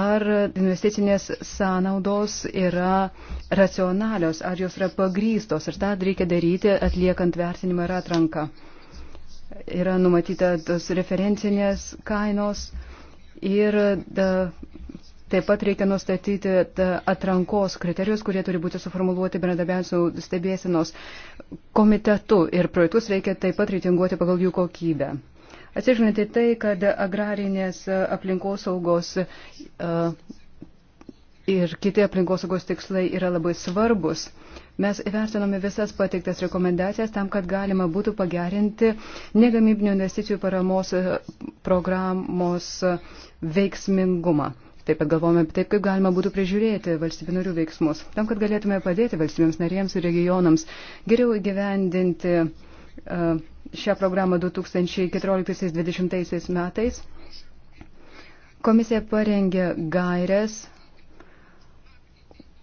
ar investicinės sąnaudos yra racionalios, ar jos yra pagrystos ir tą reikia daryti atliekant vertinimą ir atranką. Yra numatyta tos referencinės kainos ir da, Taip pat reikia nustatyti atrankos kriterijus, kurie turi būti suformuluoti bendradarbiavant su stebėsinos komitetu ir projektus reikia taip pat reitinguoti pagal jų kokybę. Atsižvelgiant į tai, kad agrarinės aplinkosaugos ir kiti aplinkosaugos tikslai yra labai svarbus, mes įvertinome visas pateiktas rekomendacijas tam, kad galima būtų pagerinti negamybinio investicijų paramos programos veiksmingumą. Taip pat galvojame apie taip, kaip galima būtų prižiūrėti valstybių narių veiksmus, tam, kad galėtume padėti valstybėms narėms ir regionams geriau įgyvendinti e, šią programą 2014-2020 metais. Komisija parengė gairias,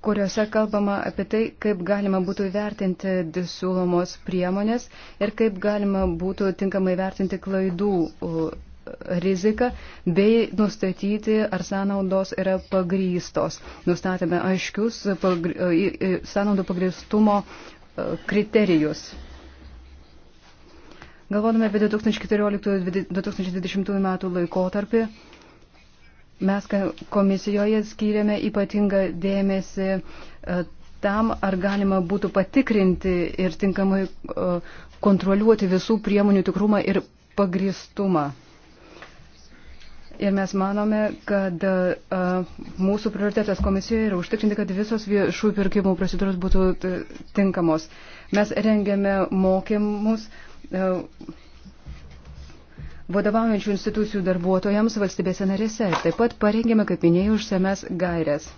kuriuose kalbama apie tai, kaip galima būtų vertinti siūlomos priemonės ir kaip galima būtų tinkamai vertinti klaidų riziką bei nustatyti, ar sąnaudos yra pagrystos. Nustatėme aiškius pagry, e, sąnaudų pagrystumo e, kriterijus. Galvodami apie 2014-2020 metų laikotarpį, mes komisijoje skyrėme ypatingą dėmesį e, tam, ar galima būtų patikrinti ir tinkamai kontroliuoti visų priemonių tikrumą ir pagristumą. Ir mes manome, kad a, mūsų prioritetas komisijoje yra užtikrinti, kad visos viešųjų pirkimų procedūros būtų tinkamos. Mes rengiame mokymus a, vadovaujančių institucijų darbuotojams valstybėse narėse. Taip pat parengėme, kaip minėjau, užsiemės gairias.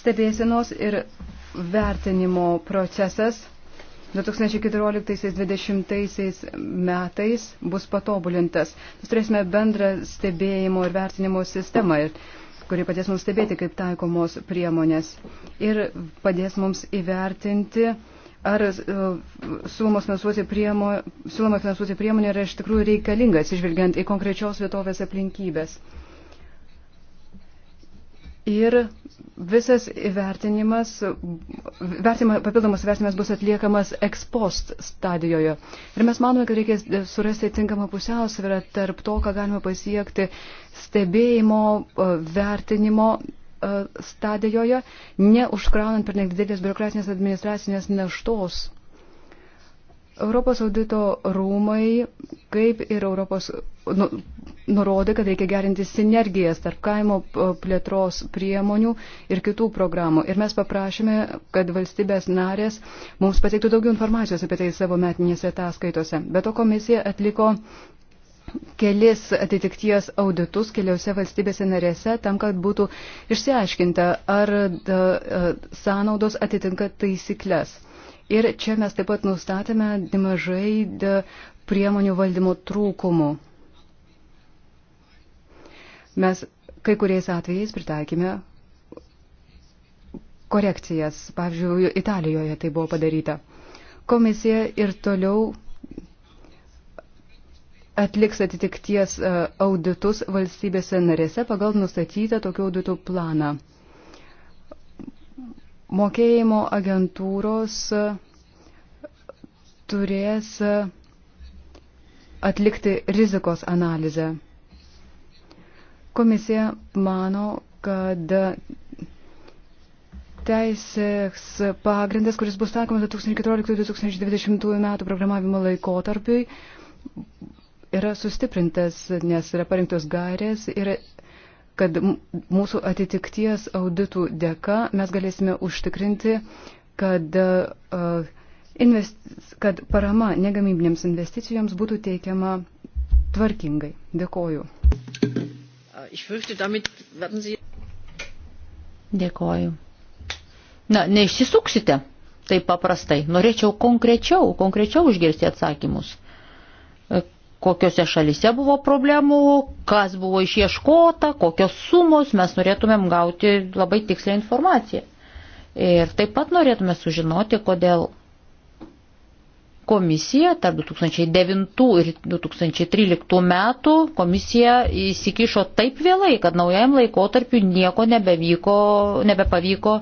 Stebėsienos ir vertinimo procesas 2014-2020 metais bus patobulintas. Mes turėsime bendrą stebėjimo ir vertinimo sistemą, kuri padės mums stebėti, kaip taikomos priemonės ir padės mums įvertinti, ar uh, siūloma finansuoti, priemo, finansuoti priemonė yra iš tikrųjų reikalingas, išvilgiant į konkrečios vietovės aplinkybės. Ir visas vertinimas, vertima, papildomas vertinimas bus atliekamas ekspost stadijoje. Ir mes manome, kad reikės surasti tinkamą pusiausvyrą tarp to, ką galima pasiekti stebėjimo, e, vertinimo e, stadijoje, neužkraunant per nedidelės biurokratinės administracinės naštos Europos audito rūmai, kaip ir Europos, nu, nurodė, kad reikia gerinti sinergijas tarp kaimo plėtros priemonių ir kitų programų. Ir mes paprašėme, kad valstybės narės mums pateiktų daugiau informacijos apie tai savo metinėse ataskaitose. Be to komisija atliko kelis atitikties auditus keliose valstybėse narėse tam, kad būtų išsiaiškinta, ar da, sąnaudos atitinka taisyklės. Ir čia mes taip pat nustatėme nemažai priemonių valdymo trūkumų. Mes kai kuriais atvejais pritaikėme korekcijas. Pavyzdžiui, Italijoje tai buvo padaryta. Komisija ir toliau atliks atitikties e, auditus valstybėse narėse pagal nustatytą tokių auditų planą. Mokėjimo agentūros turės atlikti rizikos analizę. Komisija mano, kad teisės pagrindas, kuris bus taikomas 2014-2020 metų programavimo laikotarpiui, yra sustiprintas, nes yra parinktos gairės ir kad mūsų atitikties auditų dėka mes galėsime užtikrinti, kad, e, invest, kad parama negamybinėms investicijoms būtų teikiama tvarkingai. Dėkoju. Dėkoju. Na, neišsisuksite taip paprastai. Norėčiau konkrečiau, konkrečiau išgirsti atsakymus kokiose šalise buvo problemų, kas buvo išieškota, kokios sumos, mes norėtumėm gauti labai tikslę informaciją. Ir taip pat norėtume sužinoti, kodėl komisija tarp 2009 ir 2013 metų komisija įsikišo taip vėlai, kad naujajam laikotarpiu nieko nebevyko, nebepavyko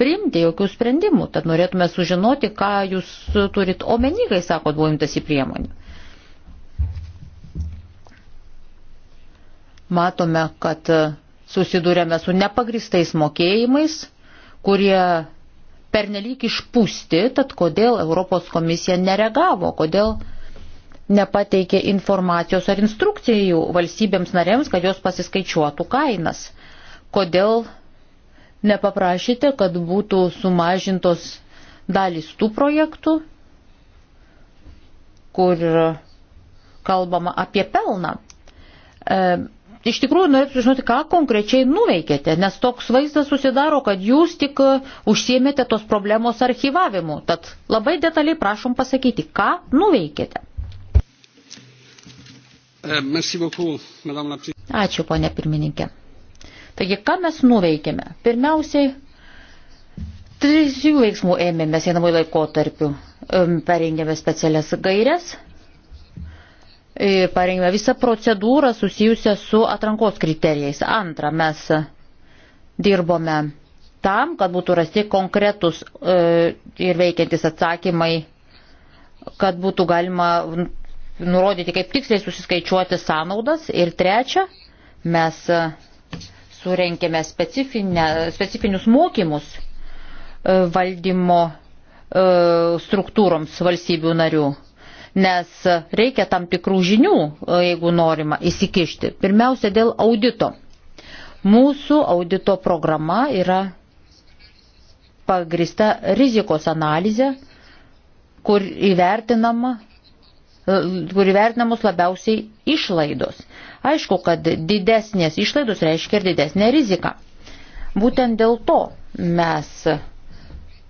priimti jokių sprendimų. Tad norėtume sužinoti, ką jūs turit omeny, kai sakot, buvo imtasi priemonių. matome, kad susidurėme su nepagristais mokėjimais, kurie pernelyg išpūsti, tad kodėl Europos komisija neregavo, kodėl nepateikė informacijos ar instrukcijų valstybėms narėms, kad jos pasiskaičiuotų kainas, kodėl nepaprašyte, kad būtų sumažintos dalys tų projektų, kur kalbama apie pelną. E, Iš tikrųjų, norėčiau žinoti, ką konkrečiai nuveikėte, nes toks vaizdas susidaro, kad jūs tik e, užsiemėte tos problemos archivavimu. Tad labai detaliai prašom pasakyti, ką nuveikėte. E, Ačiū, ponė pirmininkė. Taigi, ką mes nuveikėme? Pirmiausiai, trijų veiksmų ėmėmės einamųjų laikotarpių. Perengėme specialias gairias E, parengėme visą procedūrą susijusią su atrankos kriterijais. Antra, mes dirbome tam, kad būtų rasti konkretus e, ir veikiantis atsakymai, kad būtų galima nurodyti, kaip tiksliai susiskaičiuoti sąnaudas. Ir trečia, mes surenkėme specifinius mokymus e, valdymo struktūroms valstybių narių nes reikia tam tikrų žinių, e, jeigu norima įsikišti. Pirmiausia, dėl audito. Mūsų audito programa yra pagrista rizikos analizė, kur įvertinama e, kur įvertinamos labiausiai išlaidos. Aišku, kad didesnės išlaidos reiškia ir didesnę riziką. Būtent dėl to mes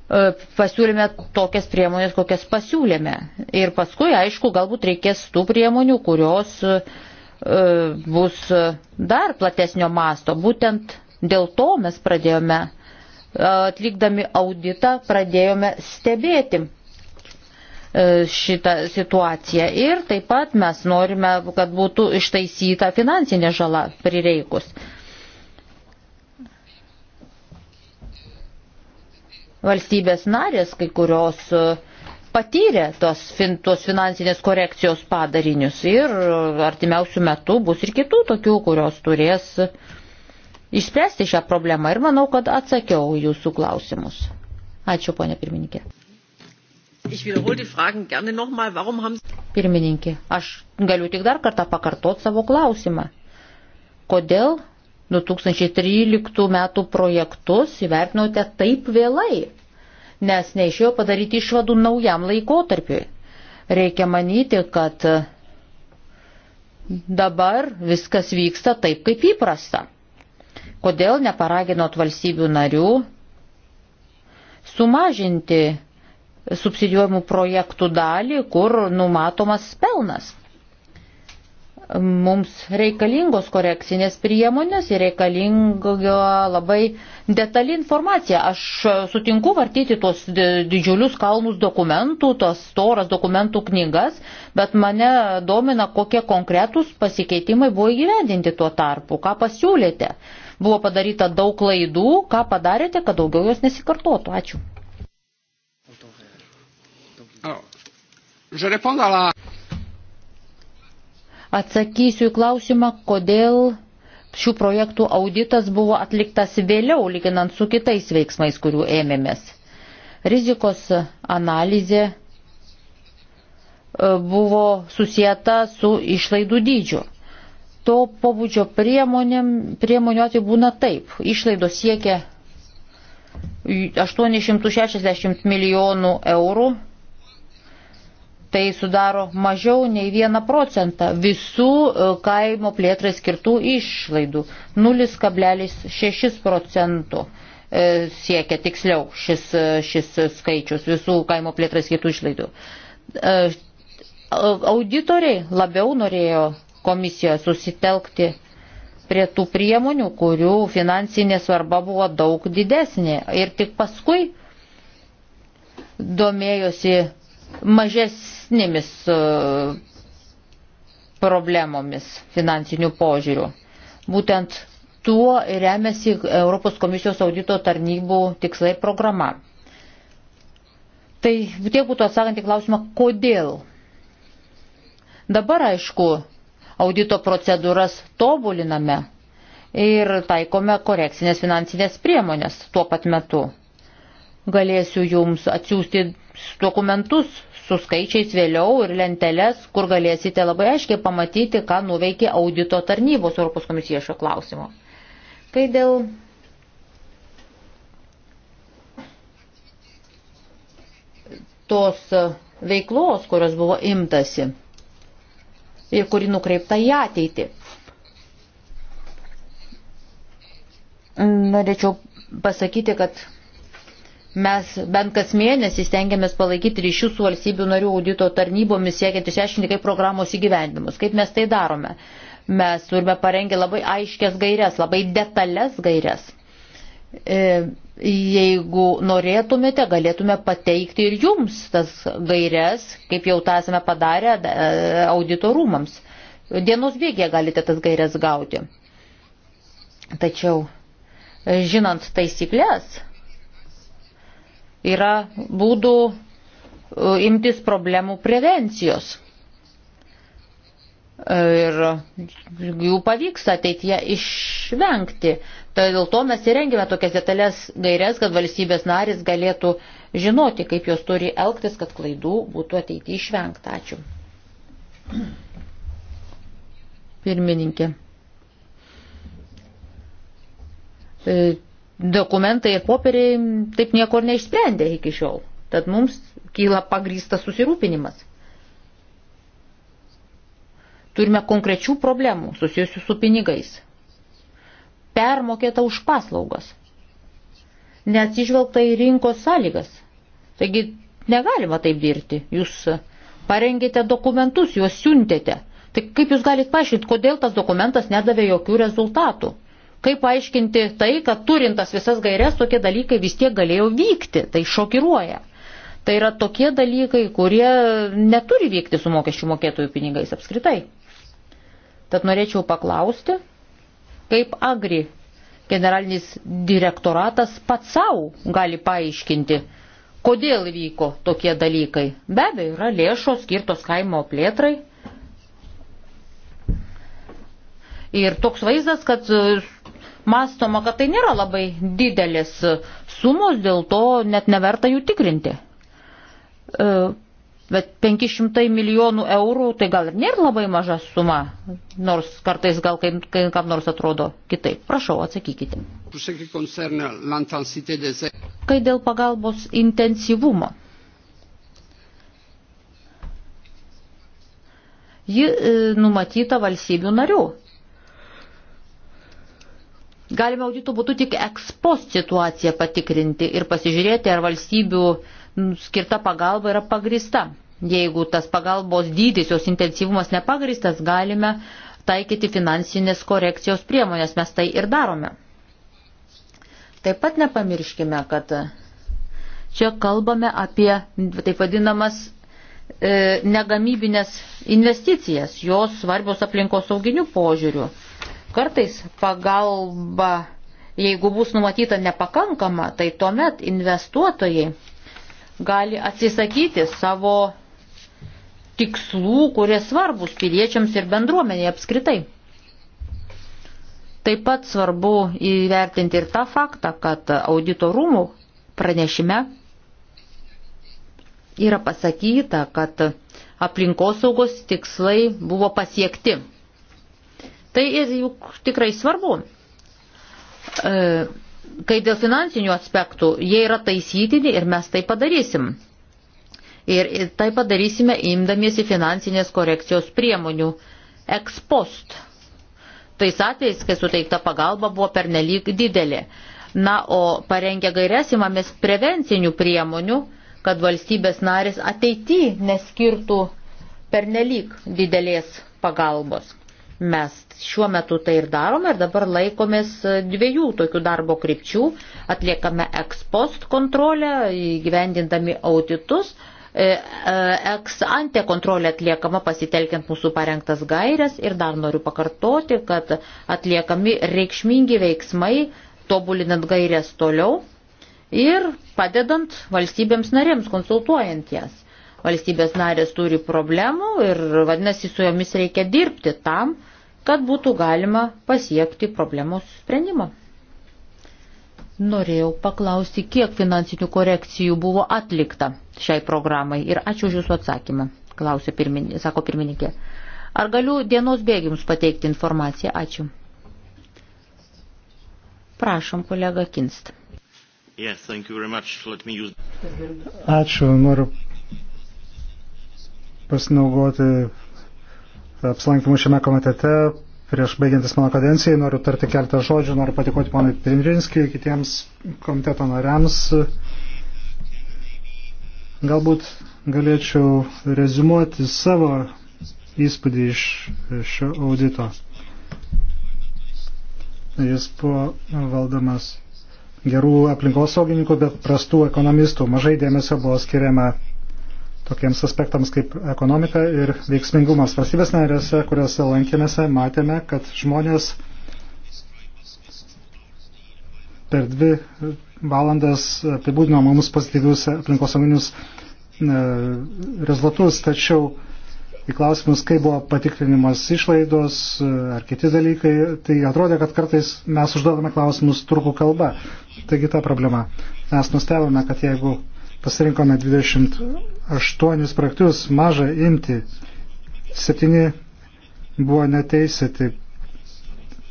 E, pasiūlėme tokias priemonės, kokias pasiūlėme. Ir paskui, aišku, galbūt reikės tų priemonių, kurios e, e, bus dar platesnio masto. Būtent dėl to mes pradėjome, atlikdami auditą, pradėjome stebėti šitą situaciją. Ir taip pat mes norime, kad būtų ištaisyta finansinė žala prireikus. reikus valstybės narės, kai kurios e, patyrė tos, fin, tos finansinės korekcijos padarinius ir e, artimiausių metų bus ir kitų tokių, kurios turės išspręsti šią problemą ir manau, kad atsakiau jūsų klausimus. Ačiū, ponė pirmininkė. Pirmininkė, aš galiu tik dar kartą pakartot savo klausimą. Kodėl 2013 metų projektus įvertinote taip vėlai? nes neišėjo padaryti išvadų naujam laikotarpiui. Reikia manyti, kad dabar viskas vyksta taip, kaip įprasta. Kodėl neparaginot valstybių narių sumažinti subsidijuojamų projektų dalį, kur numatomas pelnas? mums reikalingos korekcinės priemonės ir reikalinga labai detali informacija. Aš sutinku vartyti tuos didžiulius kalnus dokumentų, tas storas dokumentų knygas, bet mane domina, kokie konkretūs pasikeitimai buvo įgyvendinti tuo tarpu, ką pasiūlėte. Buvo padaryta daug klaidų, ką padarėte, kad daugiau jos nesikartotų. Ačiū. Alors, je réponds à la... Atsakysiu į klausimą, kodėl šių projektų auditas buvo atliktas vėliau, lyginant su kitais veiksmais, kurių ėmėmės. Rizikos analizė e, buvo susijęta su išlaidų dydžiu. To pobūdžio priemonių atveju būna taip. Išlaidos siekia 860 milijonų eurų tai sudaro mažiau nei 1 procentą visų e, kaimo plėtrai skirtų išlaidų. 0,6 procentų e, siekia tiksliau šis, e, šis skaičius visų kaimo plėtrai skirtų išlaidų. Auditoriai labiau norėjo komisijoje susitelkti prie tų priemonių, kurių finansinė svarba buvo daug didesnė. Ir tik paskui domėjosi mažes, teisinėmis e, problemomis finansinių požiūrių. Būtent tuo remiasi Europos komisijos audito tarnybų tikslai programa. Tai tiek būtų atsakant į klausimą, kodėl. Dabar, aišku, audito procedūras tobuliname ir taikome korekcinės finansinės priemonės tuo pat metu. Galėsiu jums atsiųsti dokumentus su skaičiais vėliau ir lenteles, kur galėsite labai aiškiai pamatyti, ką nuveikė audito tarnybos Europos komisija šio klausimo. Kai dėl tos veiklos, kurios buvo imtasi ir kuri nukreipta į ateitį. Norėčiau pasakyti, kad Mes bent kas mėnesį stengiamės palaikyti ryšių su valstybių narių audito tarnybomis, siekiant išsiaiškinti, kaip programos įgyvendimus, kaip mes tai darome. Mes turime parengę labai aiškias gairias, labai detales gairias. E, jeigu norėtumėte, galėtume pateikti ir jums tas gairias, kaip jau tą esame padarę e, auditorumams. Dienos bėgė galite tas gairias gauti. Tačiau, e, žinant taisyklės, yra būdų e, imtis problemų prevencijos. E, ir jų pavyks ateityje išvengti. Tai dėl to mes įrengėme tokias detalės gairias, kad valstybės narys galėtų žinoti, kaip jos turi elgtis, kad klaidų būtų ateityje išvengta. Ačiū. Pirmininkė. E, dokumentai ir popieriai taip nieko ir neišsprendė iki šiol. Tad mums kyla pagrystas susirūpinimas. Turime konkrečių problemų susijusių su pinigais. Permokėta už paslaugas. Neatsižvelgta į rinkos sąlygas. Taigi negalima taip dirbti. Jūs parengėte dokumentus, juos siuntėte. Tai kaip jūs galite paaiškinti, kodėl tas dokumentas nedavė jokių rezultatų? Kaip aiškinti tai, kad turintas visas gairias tokie dalykai vis tiek galėjo vykti, tai šokiruoja. Tai yra tokie dalykai, kurie neturi vykti su mokesčių mokėtojų pinigais apskritai. Tad norėčiau paklausti, kaip Agri generalinis direktoratas pats savo gali paaiškinti, kodėl vyko tokie dalykai. Be abejo, yra lėšos skirtos kaimo plėtrai. Ir toks vaizdas, kad mastoma, kad tai nėra labai didelės sumos, dėl to net neverta jų tikrinti. E, bet 500 milijonų eurų tai gal ir nėra labai maža suma, nors kartais gal kai, kai kam nors atrodo kitaip. Prašau, atsakykite. Kai dėl pagalbos intensyvumo. Ji e, numatyta valstybių narių. Galime audito būtų tik ekspost situaciją patikrinti ir pasižiūrėti, ar valstybių skirta pagalba yra pagrista. Jeigu tas pagalbos dydis, jos intensyvumas nepagristas, galime taikyti finansinės korekcijos priemonės. Mes tai ir darome. Taip pat nepamirškime, kad čia kalbame apie taip vadinamas e, negamybinės investicijas, jos svarbios aplinkos sauginių požiūrių. Kartais pagalba, jeigu bus numatyta nepakankama, tai tuomet investuotojai gali atsisakyti savo tikslų, kurie svarbus piliečiams ir bendruomeniai apskritai. Taip pat svarbu įvertinti ir tą faktą, kad audito rūmų pranešime yra pasakyta, kad aplinkosaugos tikslai buvo pasiekti Tai juk tikrai svarbu. E, kai dėl finansinių aspektų jie yra taisytini ir mes tai padarysim. Ir tai padarysime imdamiesi finansinės korekcijos priemonių ekspost. Tais atvejais, kai suteikta pagalba buvo pernelyg didelė. Na, o parengę gairias imamės prevencinių priemonių, kad valstybės narės ateityje neskirtų pernelyg didelės pagalbos. Mes šiuo metu tai ir darome ir dabar laikomės dviejų tokių darbo krypčių. Atliekame ekspost kontrolę, gyvendindami auditus, eks e, ante kontrolė atliekama pasitelkiant mūsų parengtas gairias ir dar noriu pakartoti, kad atliekami reikšmingi veiksmai, tobulinant gairias toliau ir padedant valstybėms narėms, konsultuojant jas valstybės narės turi problemų ir vadinasi su jomis reikia dirbti tam, kad būtų galima pasiekti problemos sprendimo. Norėjau paklausti, kiek finansinių korekcijų buvo atlikta šiai programai ir ačiū už Jūsų atsakymą, klausė pirmininkė, sako pirmininkė. Ar galiu dienos bėgims pateikti informaciją? Ačiū. Prašom, kolega Kinst. Yes, use... Ačiū, noriu pasinaudoti apsilankimu šiame komitete. Prieš baigiantis mano kadencijai noriu tarti keletą žodžių, noriu patikoti ponui Pirinžinskijui, kitiems komiteto nariams. Galbūt galėčiau rezumuoti savo įspūdį iš šio audito. Jis buvo valdomas gerų aplinkosaugininkų, bet prastų ekonomistų. Mažai dėmesio buvo skiriama tokiems aspektams kaip ekonomika ir veiksmingumas. Valstybės narėse, kuriuose lankėmėse, matėme, kad žmonės per dvi valandas apibūdino mums pozityvius aplinkosauginius e, rezultatus, tačiau į klausimus, kaip buvo patikrinimas išlaidos e, ar kiti dalykai, tai atrodė, kad kartais mes užduodame klausimus turkų kalba. Taigi ta problema. Mes nustebome, kad jeigu pasirinkome 28 projektus, mažą imti, 7 buvo neteisėti,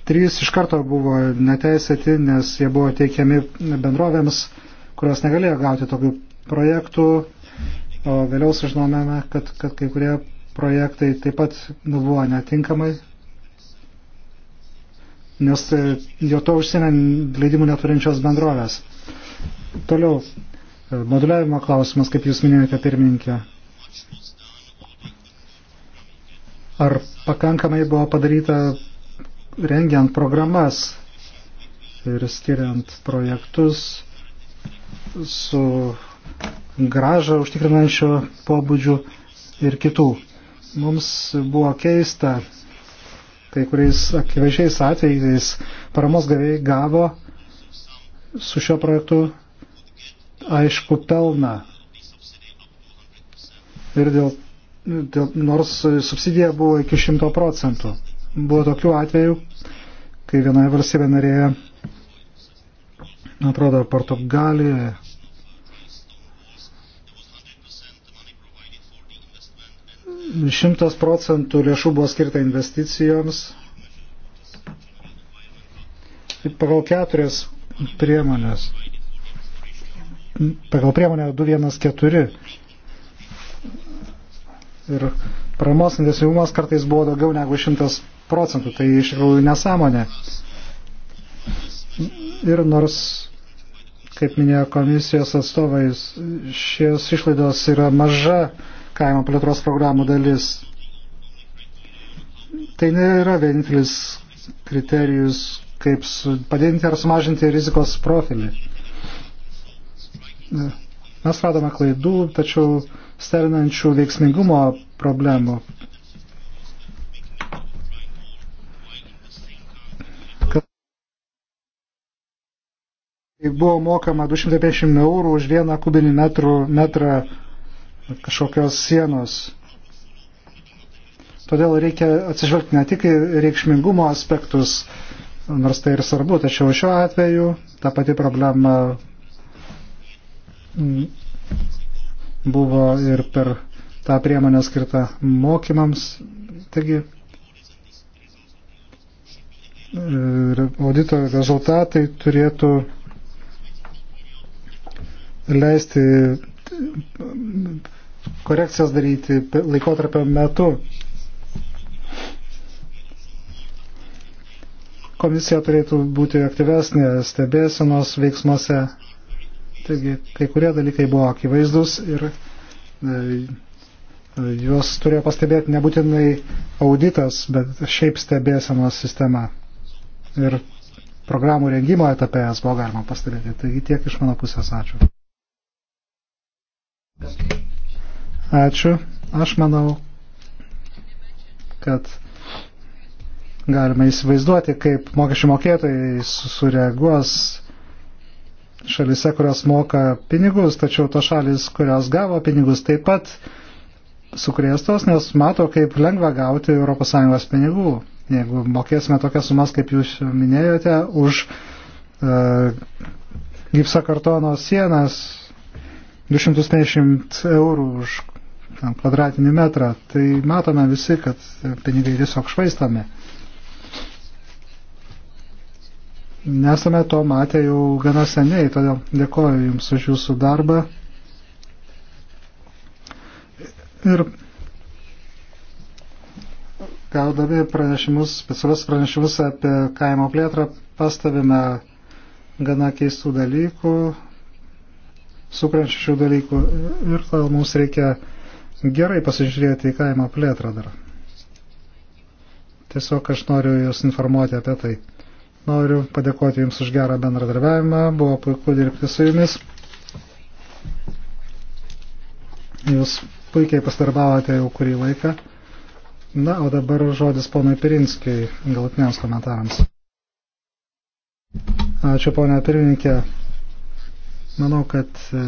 3 iš karto buvo neteisėti, nes jie buvo teikiami bendrovėms, kurios negalėjo gauti tokių projektų, o vėliau sužinome, kad, kad kai kurie projektai taip pat buvo netinkamai, nes jo e, to užsienio leidimų neturinčios bendrovės. Toliau, E, moduliavimo klausimas, kaip jūs minėjote pirmininkė. Ar pakankamai buvo padaryta rengiant programas ir skiriant projektus su gražą užtikrinančio pobūdžių ir kitų. Mums buvo keista, kai kuriais akivaizdžiais atvejais paramos gavėjai gavo su šio projektu aišku pelną. Ir dėl, dėl, nors subsidija buvo iki 100 procentų. Buvo tokių atvejų, kai vienoje valstybė narėje, atrodo, Portugalijoje, šimtas procentų lėšų buvo skirta investicijoms pagal keturias priemonės pagal priemonę 214. Ir paramos intensyvumas kartais buvo daugiau negu 100 procentų, tai iš tikrųjų nesąmonė. Ir nors, kaip minėjo komisijos atstovai, šios išlaidos yra maža kaimo plėtros programų dalis. Tai nėra vienintelis kriterijus, kaip padidinti ar sumažinti rizikos profilį Mes radome klaidų, tačiau sterinančių veiksmingumo problemų. Buvo mokama 250 eurų už vieną kubinį metrų, metrą kažkokios sienos. Todėl reikia atsižvelgti ne tik į reikšmingumo aspektus, nors tai ir svarbu, tačiau šiuo atveju ta pati problema Mm, buvo ir per tą priemonę skirtą mokymams. Taigi, audito rezultatai turėtų leisti korekcijas daryti laikotarpio metu. Komisija turėtų būti aktyvesnė stebėsenos veiksmuose Taigi, kai kurie dalykai buvo akivaizdus ir e, juos turėjo pastebėti nebūtinai auditas, bet šiaip stebėsenos sistema. Ir programų rengimo etape jas buvo galima pastebėti. Taigi tiek iš mano pusės ačiū. Ačiū. Aš manau, kad galima įsivaizduoti, kaip mokesčių mokėtojai sureaguos šalise, kurios moka pinigus, tačiau tos šalis, kurios gavo pinigus, taip pat sukrėstos, nes mato, kaip lengva gauti ES pinigų. Jeigu mokėsime tokias sumas, kaip jūs minėjote, už uh, e, gipsą kartono sienas 250 eurų už tam, kvadratinį metrą, tai matome visi, kad pinigai tiesiog švaistami. Nesame to matę jau gana seniai, todėl dėkoju Jums už Jūsų darbą. Ir gaudami pranešimus, specialius pranešimus apie kaimo plėtrą, pastavime gana keistų dalykų, sukrančių dalykų ir todėl mums reikia gerai pasižiūrėti į kaimo plėtrą dar. Tiesiog aš noriu Jūs informuoti apie tai. Noriu padėkoti Jums už gerą bendradarbiavimą, buvo puiku dirbti su Jumis. Jūs puikiai pastarbavote jau kurį laiką. Na, o dabar žodis ponui Pirinskijai galutiniams komentarams. Ačiū, ponia pirmininkė. Manau, kad e,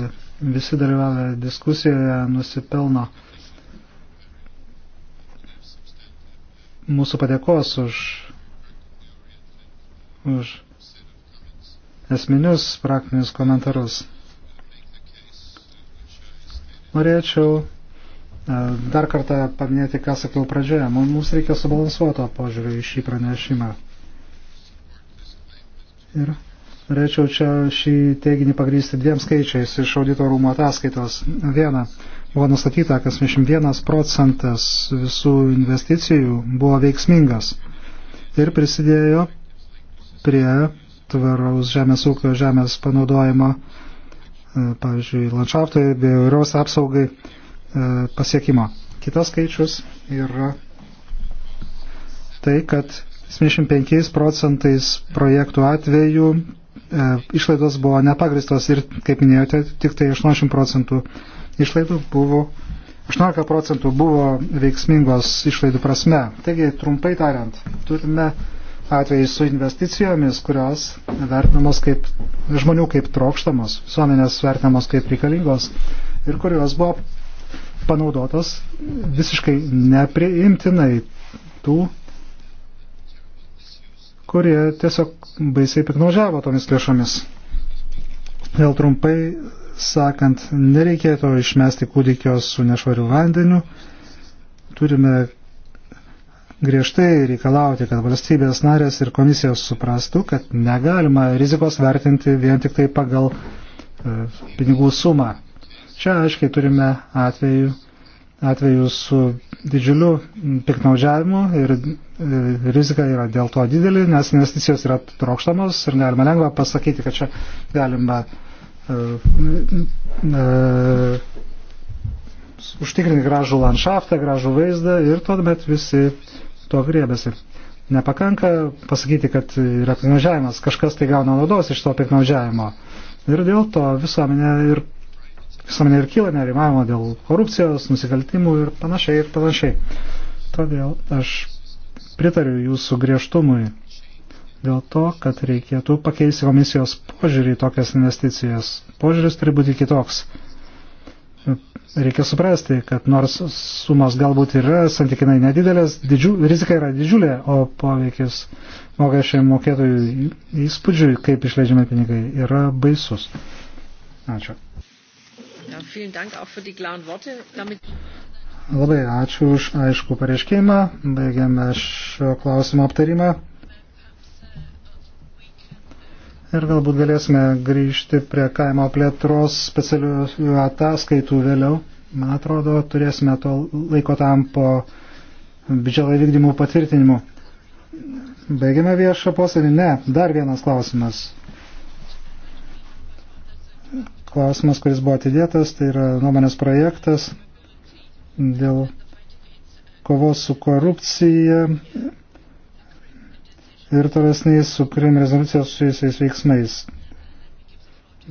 visi dalyvavę diskusijoje nusipelno mūsų padėkos už už esminius praktinius komentarus. Norėčiau e, dar kartą paminėti, ką sakiau pradžioje. Mums reikia subalansuoto požiūrio į šį pranešimą. Ir norėčiau čia šį teiginį pagrysti dviem skaičiais iš audito rūmo ataskaitos. Viena, buvo nustatyta, kad 21 procentas visų investicijų buvo veiksmingas ir prisidėjo prie tvaraus žemės ūkio žemės panaudojimo, e, pavyzdžiui, landšaftui, bioįvairios apsaugai e, pasiekimo. Kitas skaičius yra tai, kad 75 procentais projektų atveju e, išlaidos buvo nepagristos ir, kaip minėjote, tik tai 80 procentų išlaidų buvo, 18 procentų buvo veiksmingos išlaidų prasme. Taigi, trumpai tariant, turime atvejais su investicijomis, kurios vertinamos kaip žmonių kaip trokštamos, visuomenės vertinamos kaip reikalingos ir kurios buvo panaudotos visiškai nepriimtinai tų, kurie tiesiog baisiai piknaužiavo tomis lėšomis. Vėl trumpai sakant, nereikėtų išmesti kūdikio su nešvariu vandeniu. Turime griežtai reikalauti, kad valstybės narės ir komisijos suprastų, kad negalima rizikos vertinti vien tik tai pagal e, pinigų sumą. Čia aiškiai turime atvejų, atvejų su didžiuliu piknaudžiavimu ir e, rizika yra dėl to didelė, nes investicijos yra trokštamos ir galima lengva pasakyti, kad čia galima uh, uh, užtikrinti gražų landšaftą, gražų vaizdą ir tuomet visi uh, to griebėsi. Nepakanka pasakyti, kad yra piknaudžiavimas, kažkas tai gauna naudos iš to piknaudžiavimo. Ir dėl to visuomenė ir, visuomenė ir kyla nerimavimo dėl korupcijos, nusikaltimų ir panašiai ir panašiai. Todėl aš pritariu jūsų griežtumui dėl to, kad reikėtų pakeisti komisijos požiūrį į tokias investicijas. Požiūris turi būti kitoks reikia suprasti, kad nors sumos galbūt yra santykinai nedidelės, didžiu, rizika yra didžiulė, o poveikis mokesčiai mokėtojų įspūdžiui, kaip išleidžiami pinigai, yra baisus. Ačiū. Labai ačiū už aišku pareiškimą. Baigiame šio klausimo aptarimą. Ir galbūt galėsime grįžti prie kaimo plėtros specialių ataskaitų vėliau. Man atrodo, turėsime to laiko tam po biudžeto įvykdymų patvirtinimu. Baigiame viešą posėdį? Ne, dar vienas klausimas. Klausimas, kuris buvo atidėtas, tai yra nuomonės projektas dėl kovos su korupcija ir tolesniais su Krim rezoliucijos susijusiais veiksmais.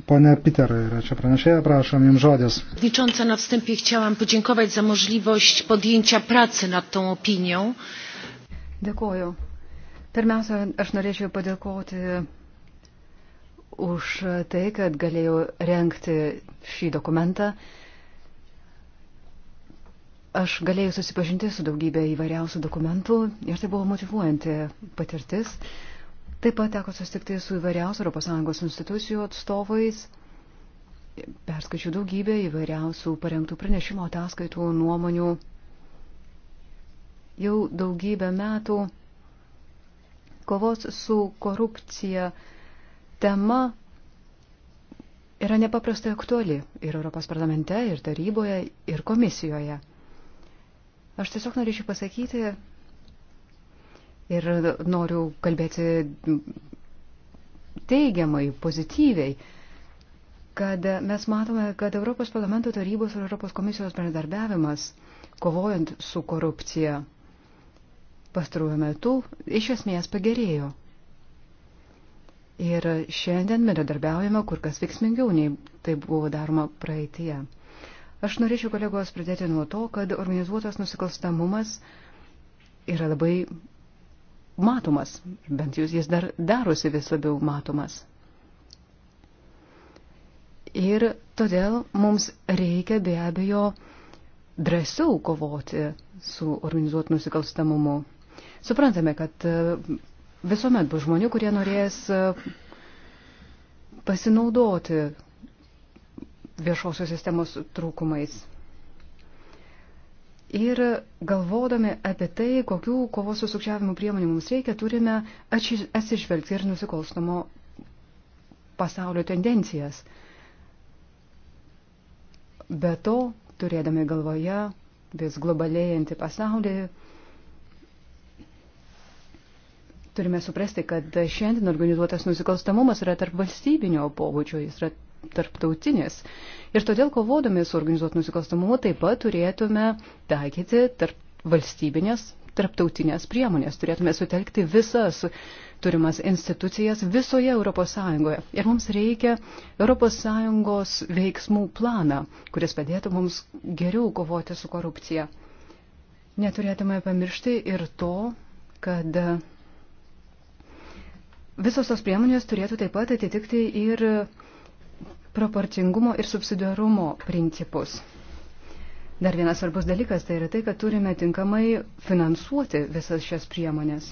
Pone Pitera yra čia pranešėja, prašom jums žodis. Licząca na wstępie chciałam podziękować za możliwość podjęcia pracy nad tą opinią. Dėkuoju. Pirmiausia, aš norėčiau padėkoti už tai, kad galėjau renkti šį dokumentą Aš galėjau susipažinti su daugybė įvairiausių dokumentų ir tai buvo motivuojanti patirtis. Taip pat teko susitikti su įvairiausių ES institucijų atstovais. Perskaičiu daugybę įvairiausių parengtų pranešimo ataskaitų nuomonių. Jau daugybę metų kovos su korupcija tema yra nepaprastai aktuali ir Europos parlamente, ir taryboje, ir komisijoje. Aš tiesiog norėčiau pasakyti ir noriu kalbėti teigiamai, pozityviai, kad mes matome, kad Europos parlamento tarybos ir Europos komisijos bendradarbiavimas kovojant su korupcija pastaruoju metu iš esmės pagerėjo. Ir šiandien bendradarbiaujame kur kas veiksmingiau nei tai buvo daroma praeitie. Aš norėčiau kolegos pradėti nuo to, kad organizuotas nusikalstamumas yra labai matomas, bent jūs jis dar darosi vis labiau matomas. Ir todėl mums reikia be abejo drąsiau kovoti su organizuotų nusikalstamumu. Suprantame, kad e, visuomet bus žmonių, kurie norės e, pasinaudoti viešosios sistemos trūkumais. Ir galvodami apie tai, kokių kovos su sukčiavimu priemonių mums reikia, turime atsižvelgti ir nusikalstamo pasaulio tendencijas. Be to, turėdami galvoje vis globalėjantį pasaulį, turime suprasti, kad šiandien organizuotas nusikalstamumas yra tarp valstybinio pobūdžio, jis yra tarptautinės. Ir todėl kovodami su organizuotų nusikalstamumu taip pat turėtume taikyti tarp valstybinės, tarptautinės priemonės. Turėtume sutelkti visas turimas institucijas visoje ES. Ir mums reikia ES veiksmų planą, kuris padėtų mums geriau kovoti su korupcija. Neturėtume pamiršti ir to, kad visos tos priemonės turėtų taip pat atitikti ir proporcingumo ir subsidiarumo principus. Dar vienas svarbus dalykas tai yra tai, kad turime tinkamai finansuoti visas šias priemonės.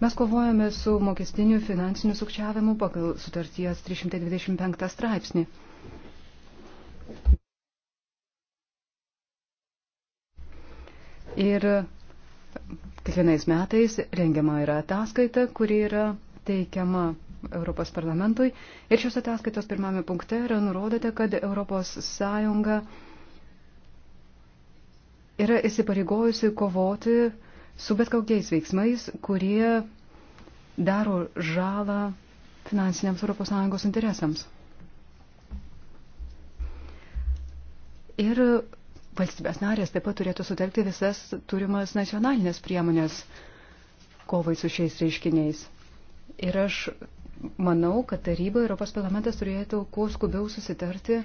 Mes kovojame su mokestiniu finansiniu sukčiavimu pagal sutarties 325 straipsnį. Ir Kiekvienais metais rengiama yra ataskaita, kuri yra teikiama Europos parlamentui. Ir šios ataskaitos pirmame punkte yra nurodyta, kad Europos Sąjunga yra įsipareigojusi kovoti su bet kokiais veiksmais, kurie daro žalą finansiniams ES interesams. Ir valstybės narės taip pat turėtų sutelkti visas turimas nacionalinės priemonės kovai su šiais reiškiniais. Ir aš manau, kad taryba Europos parlamentas turėtų kuo skubiau susitarti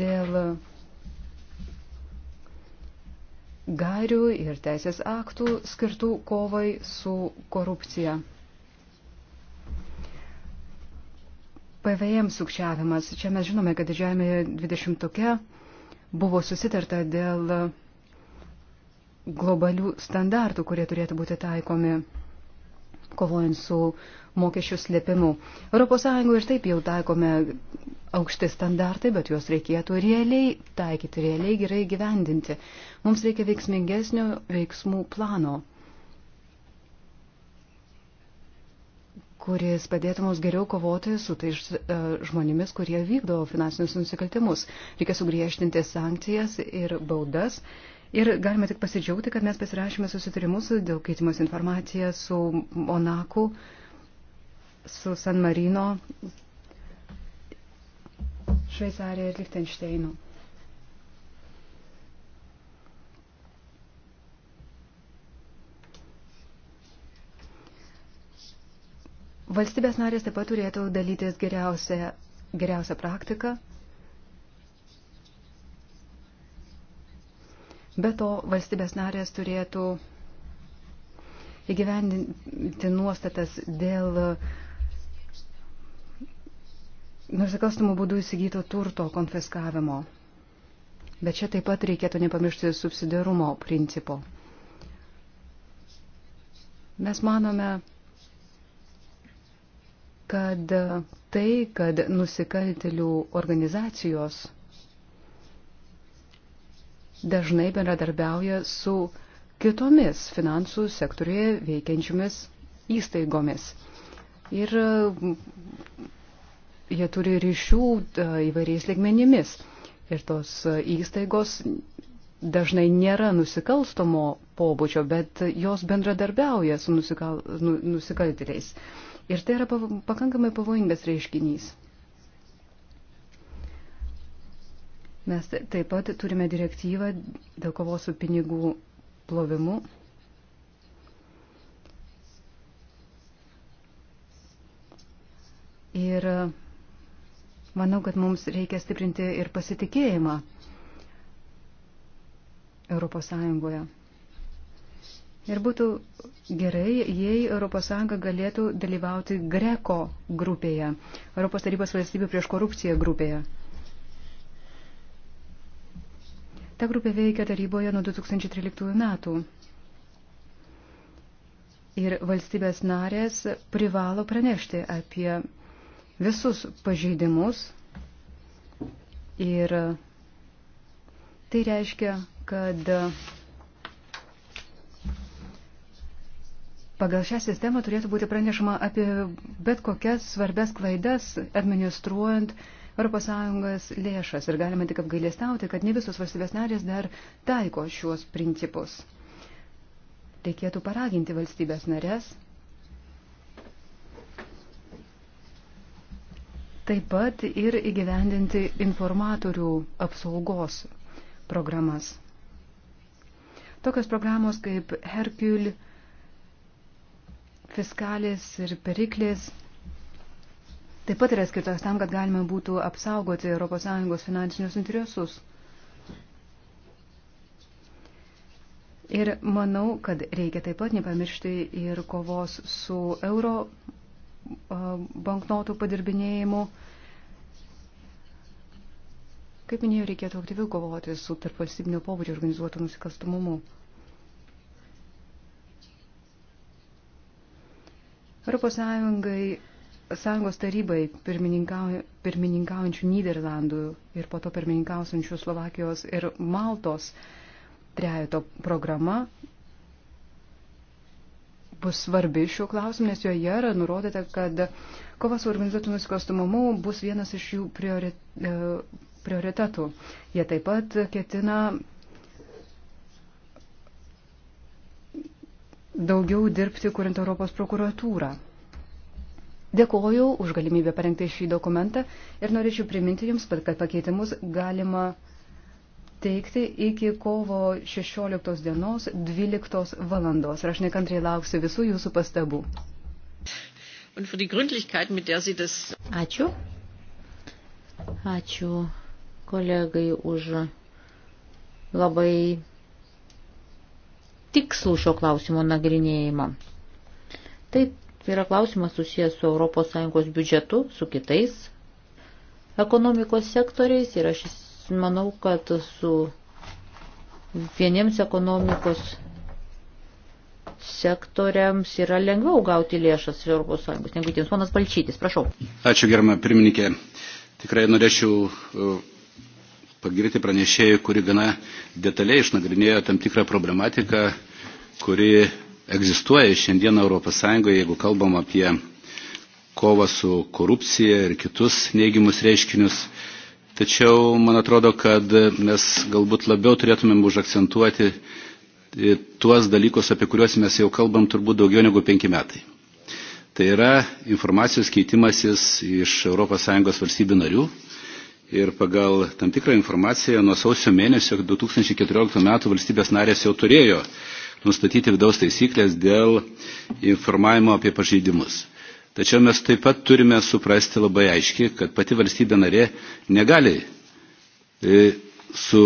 dėl gairių ir teisės aktų skirtų kovai su korupcija. PVM sukčiavimas. Čia mes žinome, kad didžiajame 20 tokia buvo susitarta dėl globalių standartų, kurie turėtų būti taikomi kovojant su mokesčių slėpimu. ES ir taip jau taikome aukšti standartai, bet juos reikėtų realiai taikyti, realiai gerai gyvendinti. Mums reikia veiksmingesnio veiksmų plano. kuris padėtų mums geriau kovoti su tais e, žmonėmis, kurie vykdo finansinius nusikaltimus. Reikia sugriežtinti sankcijas ir baudas. Ir galime tik pasidžiaugti, kad mes pasirašėme susitarimus dėl keitimos informaciją su Monaku, su San Marino, Šveicarija ir Lichtensteinu. Valstybės narės taip pat turėtų dalytis geriausią, geriausią praktiką. Be to, valstybės narės turėtų įgyvendinti nuostatas dėl nusikalstamų būdų įsigyto turto konfiskavimo. Bet čia taip pat reikėtų nepamiršti subsidiarumo principo. Mes manome, kad tai, kad nusikaltelių organizacijos dažnai bendradarbiauja su kitomis finansų sektorėje veikiančiomis įstaigomis. Ir mm, jie turi ryšių e, įvairiais ligmenimis. Ir tos įstaigos dažnai nėra nusikalstamo pobūdžio, bet jos bendradarbiauja su nusikal, nu, nusikaltėliais. Uh, Ir tai yra pakankamai pavojingas reiškinys. Mes taip pat turime direktyvą dėl kovos su pinigų plovimu. Ir manau, kad mums reikia stiprinti ir pasitikėjimą Europos Sąjungoje. Ir būtų gerai, jei ES galėtų dalyvauti Greko grupėje, Europos tarybos valstybių prieš korupciją grupėje. Ta grupė veikia taryboje nuo 2013 metų. Ir valstybės narės privalo pranešti apie visus pažeidimus. Ir tai reiškia, kad Pagal šią sistemą turėtų būti pranešama apie bet kokias svarbes klaidas administruojant ES lėšas ir galima tik apgailestauti, kad ne visos valstybės narės dar taiko šiuos principus. Reikėtų paraginti valstybės narės. Taip pat ir įgyvendinti informatorių apsaugos programas. Tokios programos kaip Hercule fiskalės ir periklės taip pat yra skirtos tam, kad galima būtų apsaugoti ES finansinius interesus. Ir manau, kad reikia taip pat nepamiršti ir kovos su euro banknotų padirbinėjimu. Kaip minėjau, reikėtų aktyviau kovoti su tarpvalstybinio pobūdžio organizuotų nusikalstumumu. Europos Sąjungai, Sąjungos tarybai pirmininkau, pirmininkaujančių Niderlandų ir po to pirmininkausiančių Slovakijos ir Maltos trejato programa bus svarbi šiuo klausimu, nes joje yra nurodyta, kad kova su organizuotu nusikalstamumu bus vienas iš jų priori, e, prioritetų. Jie taip pat ketina daugiau dirbti, kuriant Europos prokuratūrą. Dėkoju už galimybę parengti šį dokumentą ir norėčiau priminti Jums, kad pakeitimus galima teikti iki kovo 16 dienos 12 valandos. Ir aš nekantriai lauksiu visų Jūsų pastabų. Ačiū. Ačiū kolegai už labai tikslų šio klausimo nagrinėjimą. Tai yra klausimas susijęs su ES biudžetu, su kitais ekonomikos sektoriais ir aš manau, kad su vieniems ekonomikos sektoriams yra lengviau gauti lėšas ES negu kitiems. Ponas Balčytis, prašau. Ačiū, germa pirmininkė. Tikrai norėčiau pagirti pranešėjai, kuri gana detaliai išnagrinėjo tam tikrą problematiką, kuri egzistuoja šiandien ES, jeigu kalbam apie kovą su korupcija ir kitus neigiamus reiškinius. Tačiau man atrodo, kad mes galbūt labiau turėtumėm užakcentuoti tuos dalykus, apie kuriuos mes jau kalbam turbūt daugiau negu penki metai. Tai yra informacijos keitimasis iš ES valstybių narių ir pagal tam tikrą informaciją nuo sausio mėnesio 2014 metų valstybės narės jau turėjo nustatyti vidaus taisyklės dėl informavimo apie pažeidimus. Tačiau mes taip pat turime suprasti labai aiškiai, kad pati valstybė narė negali e, su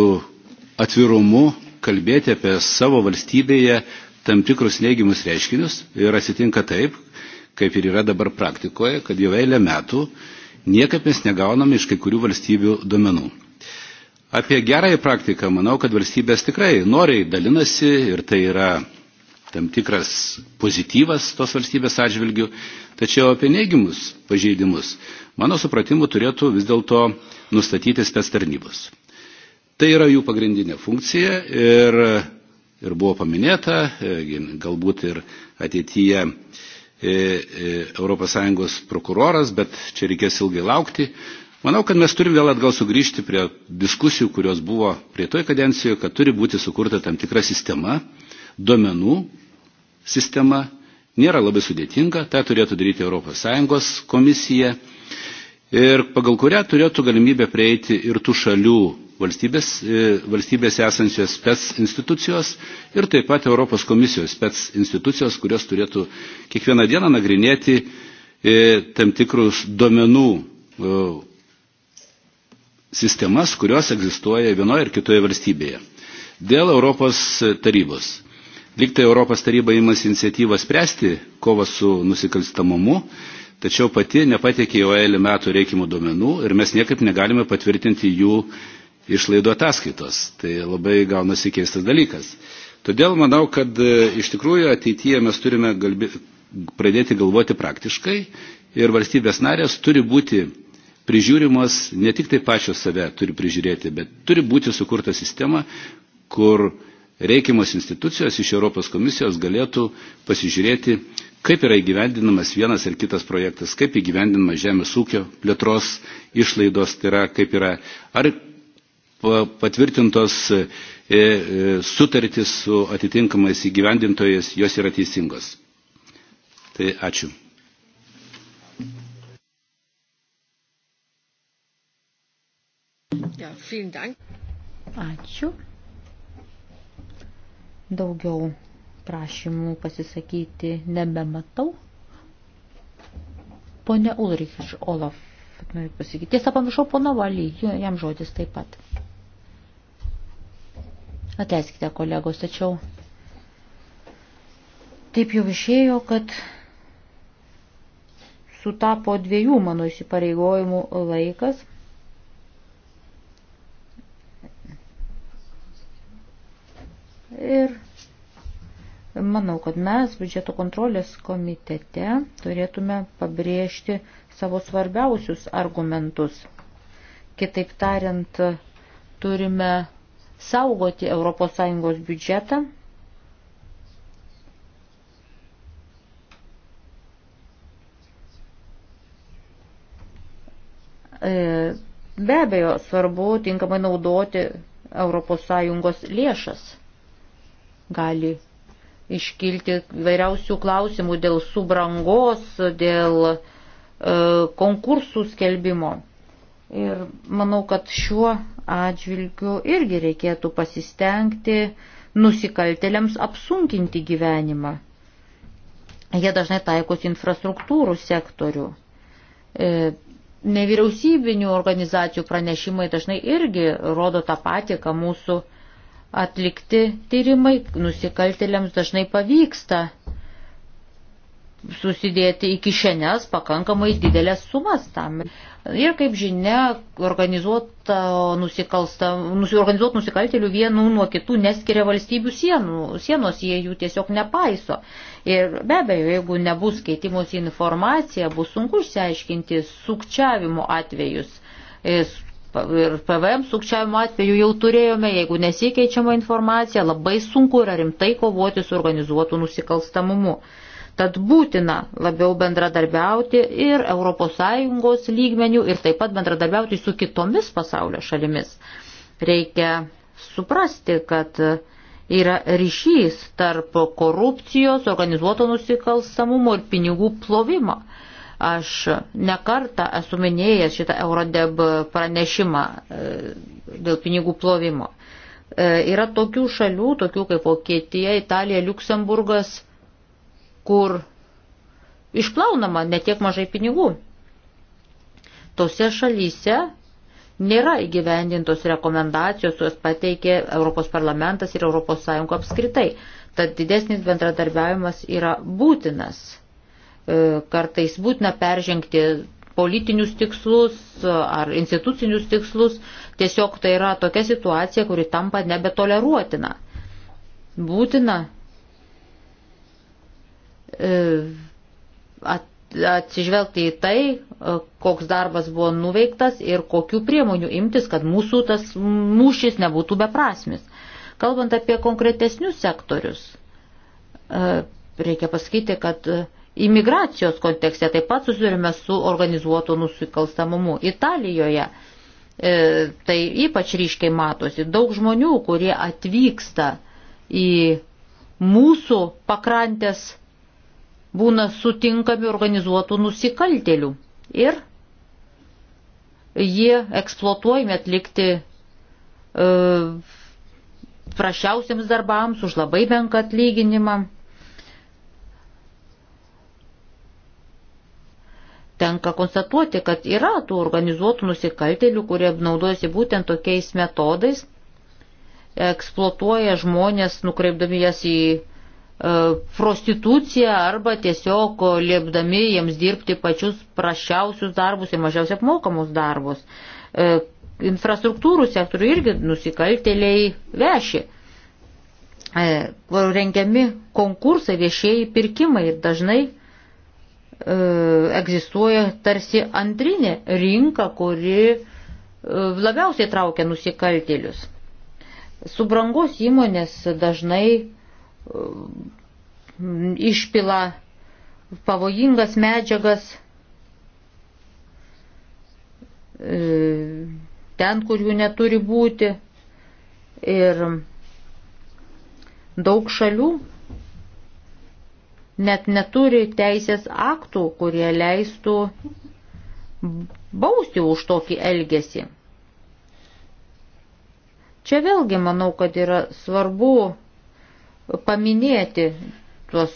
atvirumu kalbėti apie savo valstybėje tam tikrus neigiamus reiškinius ir atsitinka taip, kaip ir yra dabar praktikoje, kad jau eilę metų niekaip mes negauname iš kai kurių valstybių duomenų. Apie gerąją praktiką manau, kad valstybės tikrai noriai dalinasi ir tai yra tam tikras pozityvas tos valstybės atžvilgių, tačiau apie neigiamus pažeidimus, mano supratimu, turėtų vis dėlto nustatyti spės tarnybos. Tai yra jų pagrindinė funkcija ir, ir buvo paminėta, e, galbūt ir ateityje ES prokuroras, bet čia reikės ilgai laukti. Manau, kad mes turim vėl atgal sugrįžti prie diskusijų, kurios buvo prie toj kadencijoje, kad turi būti sukurta tam tikra sistema, duomenų sistema, nėra labai sudėtinga, tą turėtų daryti ES komisija ir pagal kurią turėtų galimybę prieiti ir tų šalių valstybės, e, valstybės esančios spets institucijos ir taip pat Europos komisijos spets institucijos, kurios turėtų kiekvieną dieną nagrinėti e, tam tikrus duomenų e, sistemas, kurios egzistuoja vienoje ir kitoje valstybėje. Dėl Europos tarybos. Liktai Europos taryba įmasi iniciatyvą spręsti kovą su nusikalstamumu, tačiau pati nepateikė jau eilį metų reikimų duomenų ir mes niekaip negalime patvirtinti jų išlaidų ataskaitos. Tai labai gaunasi keistas dalykas. Todėl manau, kad e, iš tikrųjų ateityje mes turime galbi, pradėti galvoti praktiškai ir valstybės narės turi būti prižiūrimos, ne tik tai pačios save turi prižiūrėti, bet turi būti sukurta sistema, kur reikiamos institucijos iš Europos komisijos galėtų pasižiūrėti, kaip yra įgyvendinamas vienas ar kitas projektas, kaip įgyvendinamas žemės ūkio plėtros išlaidos, tai yra kaip yra, ar patvirtintos e, e, sutartys su atitinkamais įgyvendintojais, jos yra teisingos. Tai ačiū. Ja, Ačiū. Daugiau prašymų pasisakyti nebematau. Pone Ulrich iš Olaf, noriu pasakyti. Tiesa, pamiršau pono Valį, jam žodis taip pat. Ateiskite, kolegos, tačiau taip jau išėjo, kad sutapo dviejų mano įsipareigojimų laikas. Ir manau, kad mes biudžeto kontrolės komitete turėtume pabrėžti savo svarbiausius argumentus. Kitaip tariant, turime saugoti ES biudžetą. E, be abejo, svarbu tinkamai naudoti ES lėšas. Gali iškilti vairiausių klausimų dėl subrangos, dėl e, konkursų skelbimo. Ir manau, kad šiuo atžvilgių irgi reikėtų pasistengti nusikaltelėms apsunkinti gyvenimą. Jie dažnai taikos infrastruktūrų sektorių. E, nevyriausybinių organizacijų pranešimai dažnai irgi rodo tą patį, ką mūsų atlikti tyrimai. Nusikaltelėms dažnai pavyksta susidėti į kišenes pakankamai didelės sumas tam. E, Ir kaip žinia, organizuot nusikaltelių vienų nuo kitų neskiria valstybių sienų, sienos jie jų tiesiog nepaiso. Ir be abejo, jeigu nebus keitimos informacija, bus sunku išsiaiškinti sukčiavimo atvejus. Ir PVM sukčiavimo atveju jau turėjome, jeigu nesikeičiama informacija, labai sunku yra rimtai kovoti su organizuotu nusikalstamumu. Tad būtina labiau bendradarbiauti ir ES lygmenių, ir taip pat bendradarbiauti su kitomis pasaulio šalimis. Reikia suprasti, kad yra ryšys tarp korupcijos, organizuoto nusikalstamumo ir pinigų plovimo. Aš nekartą esu minėjęs šitą Eurodeb pranešimą e, dėl pinigų plovimo. E, yra tokių šalių, tokių kaip Vokietija, Italija, Luksemburgas, kur išplaunama netiek mažai pinigų. Tose šalyse nėra įgyvendintos rekomendacijos, jos pateikė Europos parlamentas ir ES apskritai. Tad didesnis bendradarbiavimas yra būtinas. E, kartais būtina peržengti politinius tikslus e, ar institucinius tikslus. Tiesiog tai yra tokia situacija, kuri tampa nebetoleruotina. Būtina E, atsižvelgti į tai, e, koks darbas buvo nuveiktas ir kokių priemonių imtis, kad mūsų tas mūšis nebūtų beprasmis. Kalbant apie konkretesnius sektorius, e, reikia pasakyti, kad imigracijos kontekste taip pat susidurime su organizuotu nusikalstamumu. Italijoje tai ypač ryškiai matosi. Daug žmonių, kurie atvyksta į mūsų pakrantės būna sutinkami organizuotų nusikaltelių ir jie eksploatuojami atlikti e, prašiausiams darbams už labai menką atlyginimą. Tenka konstatuoti, kad yra tų organizuotų nusikaltelių, kurie naudojasi būtent tokiais metodais, eksploatuoja žmonės, nukreipdami jas į E, prostituciją arba tiesiog liepdami jiems dirbti pačius prašiausius darbus ir mažiausiai apmokamus darbus. E, infrastruktūrų sektorių irgi nusikaltėliai veši. E, rengiami konkursai, viešieji pirkimai ir dažnai egzistuoja tarsi antrinė rinka, kuri labiausiai traukia nusikaltėlius. Subrangos įmonės dažnai Um, išpila pavojingas medžiagas e, ten, kur jų neturi būti. Ir daug šalių net neturi teisės aktų, kurie leistų bausti už tokį elgesį. Čia vėlgi manau, kad yra svarbu paminėti tuos,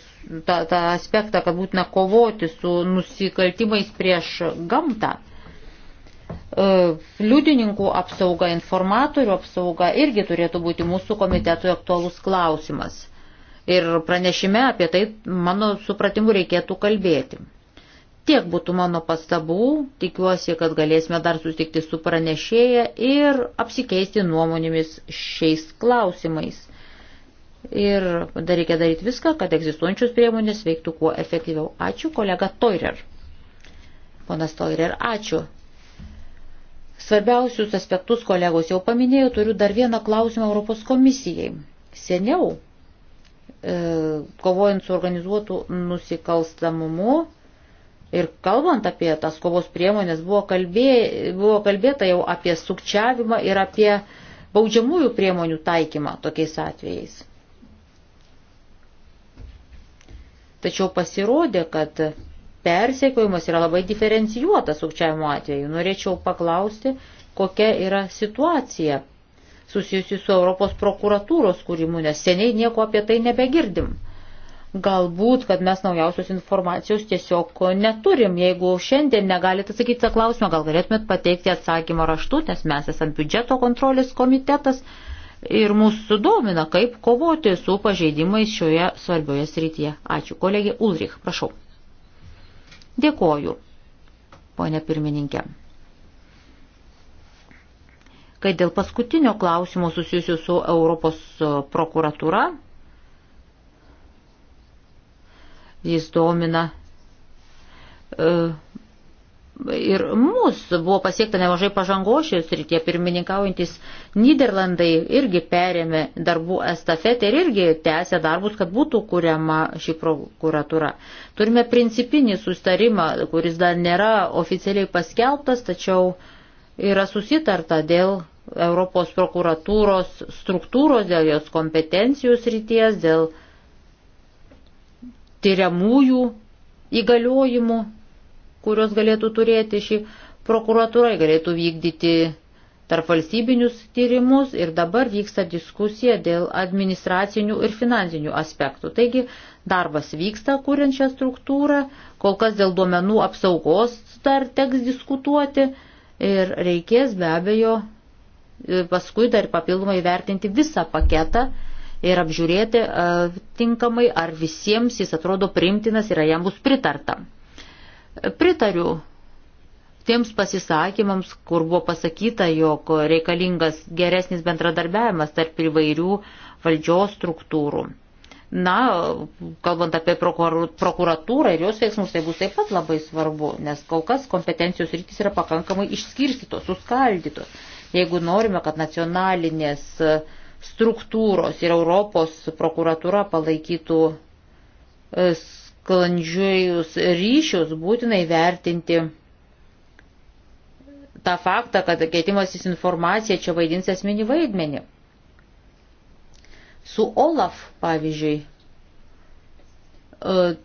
tą, tą aspektą, kad būtina kovoti su nusikaltimais prieš gamtą. E, liudininkų apsauga, informatorių apsauga irgi turėtų būti mūsų komitetui aktualus klausimas. Ir pranešime apie tai, mano supratimu, reikėtų kalbėti. Tiek būtų mano pastabų, tikiuosi, kad galėsime dar sutikti su pranešėja ir apsikeisti nuomonėmis šiais klausimais. Ir dar reikia daryti viską, kad egzistuojančios priemonės veiktų kuo efektyviau. Ačiū, kolega Toirer. Ponas Toirer, ačiū. Svarbiausius aspektus kolegos jau paminėjau, turiu dar vieną klausimą Europos komisijai. Seniau, e, kovojant su organizuotu nusikalstamumu ir kalbant apie tas kovos priemonės, buvo, kalbė, buvo kalbėta jau apie sukčiavimą ir apie baudžiamųjų priemonių taikymą tokiais atvejais. Tačiau pasirodė, kad persekiojimas yra labai diferencijuotas sukčiavimo atveju. Norėčiau paklausti, kokia yra situacija susijusi su Europos prokuratūros kūrimu, nes seniai nieko apie tai nebegirdim. Galbūt, kad mes naujausios informacijos tiesiog neturim. Jeigu šiandien negalite atsakyti tą klausimą, gal galėtumėt pateikti atsakymą raštu, nes mes esame biudžeto kontrolės komitetas ir mūsų domina, kaip kovoti su pažeidimais šioje svarbioje srityje. Ačiū. Kolegė Ulrich, prašau. Dėkoju, ponė pirmininkė. Kai dėl paskutinio klausimo susijusiu su Europos e, prokuratūra, jis domina. Uh, e, ir mūsų buvo pasiekta nemažai pažangos šios rytie, pirmininkaujantis Niderlandai irgi perėmė darbų estafetę ir irgi tęsė darbus, kad būtų kuriama šį prokuratūrą. Turime principinį sustarimą, kuris dar nėra oficialiai paskelbtas, tačiau yra susitarta dėl Europos prokuratūros struktūros, dėl jos kompetencijų srities, dėl tyriamųjų įgaliojimų kuriuos galėtų turėti šį prokuratūrą, galėtų vykdyti tarp valstybinius tyrimus ir dabar vyksta diskusija dėl administracinių ir finansinių aspektų. Taigi darbas vyksta kuriant šią struktūrą, kol kas dėl duomenų apsaugos dar teks diskutuoti ir reikės be abejo e, paskui dar papildomai vertinti visą paketą ir apžiūrėti e, tinkamai, ar visiems jis atrodo primtinas ir ar jam bus pritarta. Pritariu tiems pasisakymams, kur buvo pasakyta, jog reikalingas geresnis bendradarbiavimas tarp įvairių valdžios struktūrų. Na, kalbant apie prokuratūrą ir jos veiksmus, tai bus taip pat labai svarbu, nes kol kas kompetencijos rytis yra pakankamai išskirstytos, suskaldytos. Jeigu norime, kad nacionalinės struktūros ir Europos prokuratūra palaikytų e, sklandžius ryšius būtinai vertinti tą faktą, kad keitimasis informacija čia vaidins esminį vaidmenį. Su Olaf, pavyzdžiui, e,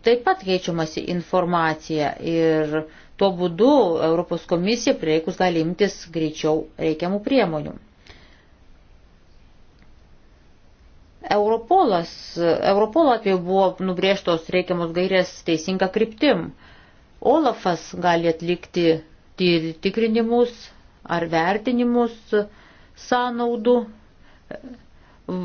taip pat keičiamasi informacija ir tuo būdu Europos komisija prireikus gali imtis greičiau reikiamų priemonių. Europolas, Europolo atveju buvo nubrėžtos reikiamos gairės teisinga kryptim. Olafas gali atlikti tikrinimus ar vertinimus sąnaudų,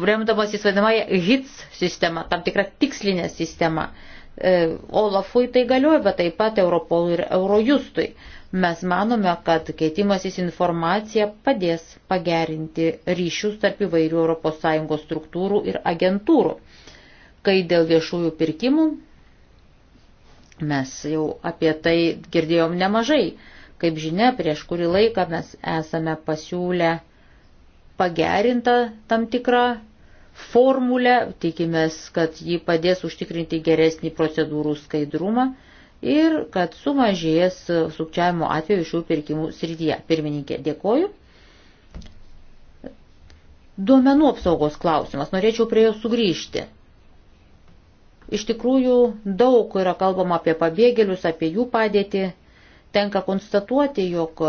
remdamas įsvadamąją HITS sistemą, tam tikrą tikslinę sistemą. E, Olafui tai galioja, bet taip pat Europolui ir Eurojustui. Mes manome, kad keitimasis informacija padės pagerinti ryšius tarp įvairių ES struktūrų ir agentūrų. Kai dėl viešųjų pirkimų, mes jau apie tai girdėjom nemažai. Kaip žinia, prieš kurį laiką mes esame pasiūlę pagerintą tam tikrą formulę, tikimės, kad ji padės užtikrinti geresnį procedūrų skaidrumą ir kad sumažės sukčiavimo atveju šių pirkimų srityje. Pirmininkė, dėkoju. Duomenų apsaugos klausimas, norėčiau prie jo sugrįžti. Iš tikrųjų, daug yra kalbama apie pabėgėlius, apie jų padėtį. Tenka konstatuoti, jog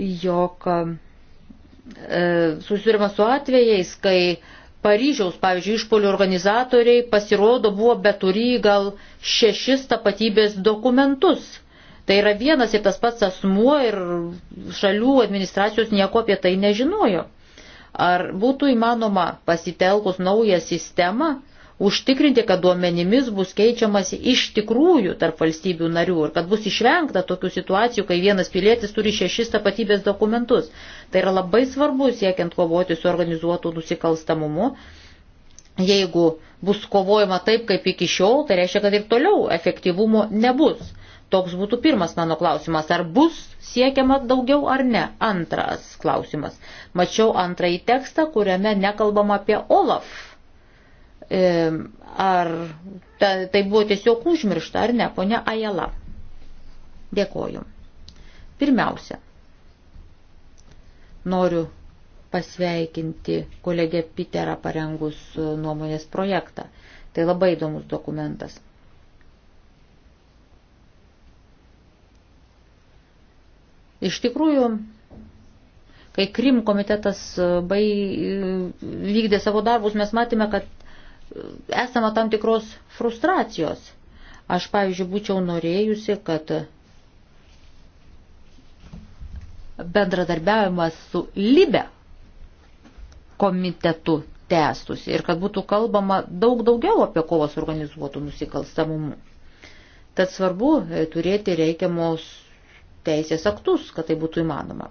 jog e, susirima su atvejais, kai Paryžiaus, pavyzdžiui, išpolių organizatoriai pasirodo buvo beturį gal šešis tapatybės dokumentus. Tai yra vienas ir tas pats asmuo ir šalių administracijos nieko apie tai nežinojo. Ar būtų įmanoma pasitelkus naują sistemą užtikrinti, kad duomenimis bus keičiamasi iš tikrųjų tarp valstybių narių ir kad bus išvengta tokių situacijų, kai vienas pilietis turi šešis tapatybės dokumentus. Tai yra labai svarbu siekiant kovoti su organizuotų nusikalstamumu. Jeigu bus kovojama taip, kaip iki šiol, tai reiškia, kad ir toliau efektyvumo nebus. Toks būtų pirmas mano klausimas. Ar bus siekiama daugiau ar ne? Antras klausimas. Mačiau antrąjį tekstą, kuriame nekalbama apie Olaf Ar ta, tai buvo tiesiog užmiršta, ar ne, ponia Ajala? Dėkoju. Pirmiausia, noriu pasveikinti kolegę Piterą parengus nuomonės projektą. Tai labai įdomus dokumentas. Iš tikrųjų, kai Krim komitetas bai, vykdė savo darbus, mes matėme, kad esama tam tikros frustracijos. Aš, pavyzdžiui, būčiau norėjusi, kad bendradarbiavimas su Libe komitetu tęstusi ir kad būtų kalbama daug daugiau apie kovos organizuotų nusikalstamumų. Tad svarbu e, turėti reikiamos teisės aktus, kad tai būtų įmanoma.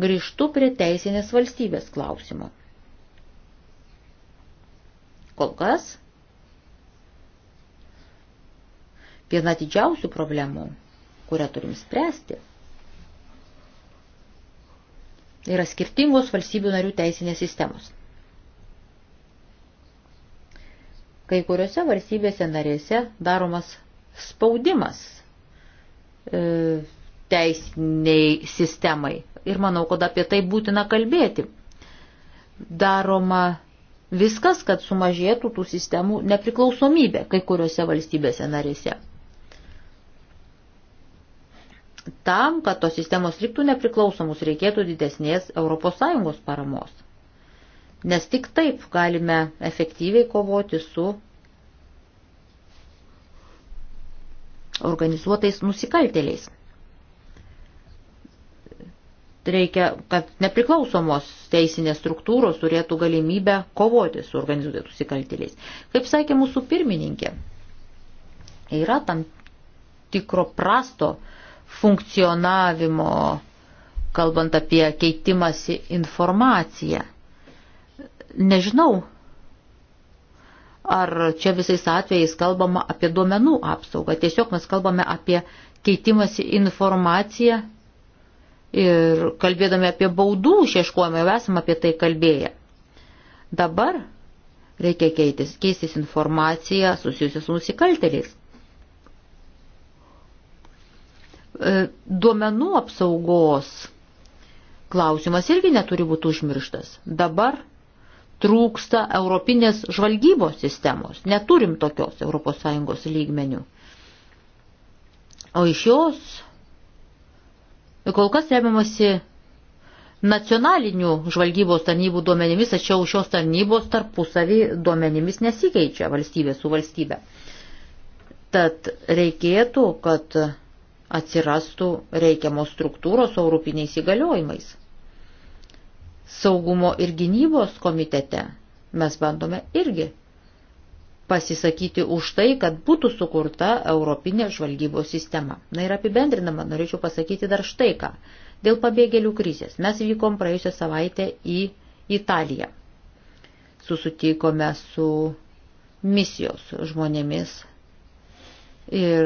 Grįžtu prie teisinės valstybės klausimo. Kol kas viena didžiausių problemų, kurią turim spręsti, yra skirtingos valstybių narių teisinės sistemos. Kai kuriuose valstybėse narėse daromas spaudimas e, teisiniai sistemai. Ir manau, kad apie tai būtina kalbėti. Daroma viskas, kad sumažėtų tų sistemų nepriklausomybė kai kuriuose valstybėse narėse. Tam, kad tos sistemos liktų nepriklausomus, reikėtų didesnės ES paramos. Nes tik taip galime efektyviai kovoti su organizuotais nusikaltėliais reikia, kad nepriklausomos teisinės struktūros turėtų galimybę kovoti su organizuotais nusikaltėliais. Kaip sakė mūsų pirmininkė, yra tam tikro prasto funkcionavimo, kalbant apie keitimąsi informaciją. Nežinau, ar čia visais atvejais kalbama apie duomenų apsaugą. Tiesiog mes kalbame apie keitimąsi informaciją Ir kalbėdami apie baudų išieškojimą jau esame apie tai kalbėję. Dabar reikia keitis, keistis informaciją susijusią su nusikalteliais. E, duomenų apsaugos klausimas irgi neturi būti užmirštas. Dabar trūksta Europinės žvalgybos sistemos. Neturim tokios ES lygmenių. O iš jos Kol kas remiamasi nacionalinių žvalgybos tarnybų duomenimis, tačiau šios tarnybos tarpusavį duomenimis nesikeičia valstybė su valstybė. Tad reikėtų, kad atsirastų reikiamos struktūros europiniais įgaliojimais. Saugumo ir gynybos komitete mes bandome irgi pasisakyti už tai, kad būtų sukurta Europinė žvalgybos sistema. Na ir apibendrinama, norėčiau pasakyti dar štai ką. Dėl pabėgėlių krizės mes vykom praėjusią savaitę į Italiją. Susutikome su misijos žmonėmis ir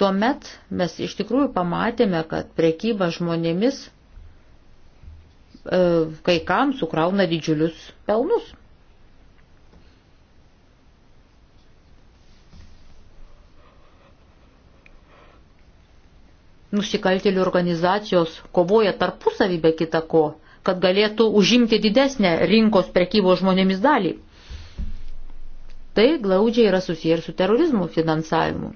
tuomet mes iš tikrųjų pamatėme, kad prekyba žmonėmis e, kai kam sukrauna didžiulius pelnus. nusikaltėlių organizacijos kovoja tarpusavį be kita ko, kad galėtų užimti didesnę rinkos prekybos žmonėmis dalį. Tai glaudžiai yra susiję ir su terorizmų finansavimu.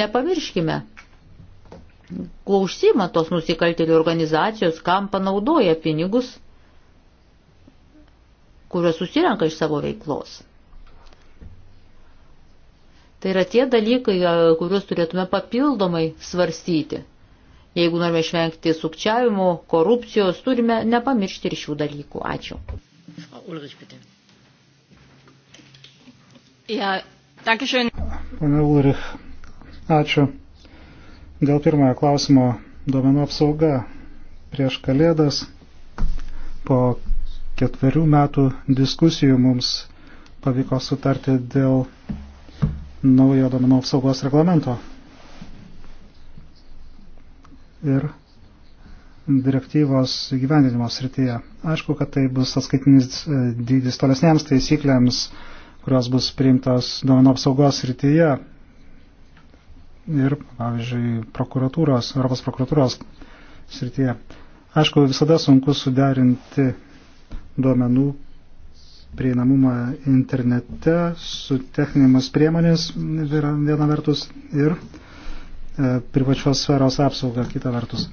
Nepamirškime, kuo užsima tos nusikaltėlių organizacijos, kam panaudoja pinigus, kuriuos susirenka iš savo veiklos. Tai yra tie dalykai, e, kuriuos turėtume papildomai svarstyti. Jeigu norime išvengti sukčiavimų, korupcijos, turime nepamiršti ir šių dalykų. Ačiū. Pane Ulrich, ačiū. Dėl pirmojo klausimo duomenų apsauga prieš kalėdas po ketverių metų diskusijų mums pavyko sutarti dėl naujo domenų apsaugos reglamento ir direktyvos gyvendinimo srityje. Aišku, kad tai bus atskaitinis e, dydis tolesniems taisyklėms, kurios bus priimtos duomenų apsaugos srityje ir, pavyzdžiui, prokuratūros, Europos prokuratūros srityje. Aišku, visada sunku suderinti duomenų prieinamumą internete su techninėmis priemonės viena vertus ir e, privačios sferos apsaugą kita vertus.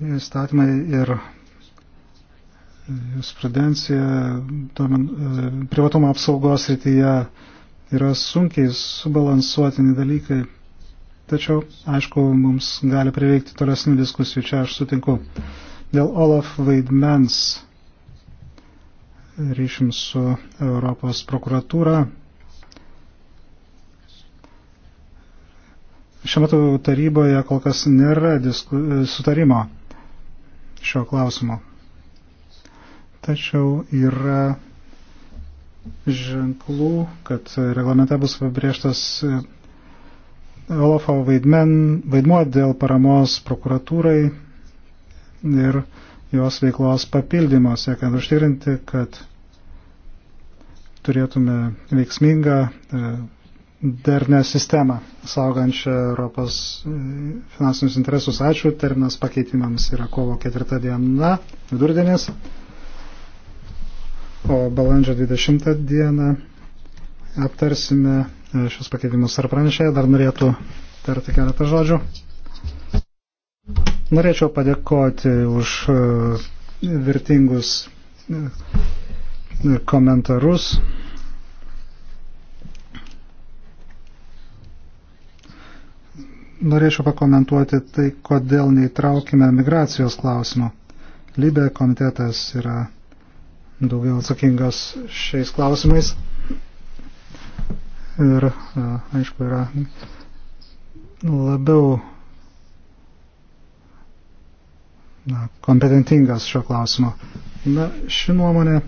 Įstatymai ir jurisprudencija e, privatumo apsaugos rytyje yra sunkiai subalansuotini dalykai. Tačiau, aišku, mums gali prireikti tolesnių diskusijų, čia aš sutinku. Dėl Olaf vaidmens ryšim su Europos prokuratūra. Šiuo metu taryboje kol kas nėra disku, sutarimo šio klausimo. Tačiau yra ženklų, kad reglamente bus apibrieštas e, Olafo vaidmen, vaidmuo dėl paramos prokuratūrai ir jos veiklos papildymo, siekiant užtikrinti, kad turėtume veiksmingą e, dernę sistemą, saugančią Europos e, finansinius interesus. Ačiū, terminas pakeitimams yra kovo ketvirta diena, vidurdienis, o balandžio 20 dieną aptarsime e, šios pakeitimus. Ar pranešėjai dar norėtų tarti keletą žodžių? Norėčiau padėkoti už vertingus komentarus. Norėčiau pakomentuoti tai, kodėl neįtraukime migracijos klausimų. Libė komitetas yra daugiau atsakingas šiais klausimais. Ir, e, aišku, yra labiau na, kompetentingas šio klausimo. Na, ši nuomonė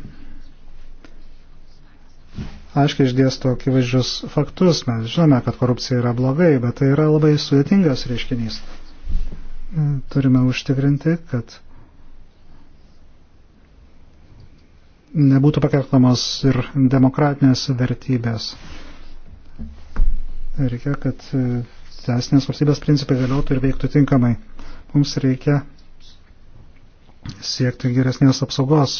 aiškiai išdėsto akivaizdžius faktus. Mes žinome, kad korupcija yra blogai, bet tai yra labai sudėtingas reiškinys. Turime užtikrinti, kad nebūtų pakertamos ir demokratinės vertybės. Reikia, kad teisinės valstybės principai galiotų ir veiktų tinkamai. Mums reikia siekti geresnės apsaugos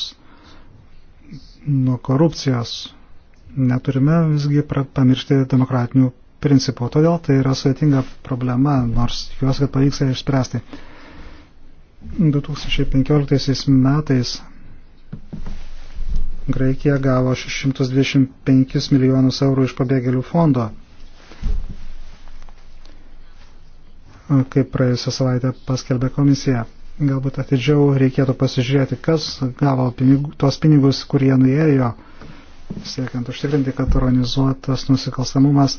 nuo korupcijos neturime visgi pamiršti demokratinių principų. Todėl tai yra sudėtinga problema, nors tikiuosi, kad pavyks ją išspręsti. 2015 metais Graikija gavo 625 milijonus eurų iš pabėgėlių fondo. kaip praėjusią savaitę paskelbė komisija. Galbūt atidžiau reikėtų pasižiūrėti, kas gavo pinigų, tuos pinigus, kurie nuėjo siekiant užtikrinti, kad organizuotas nusikalstamumas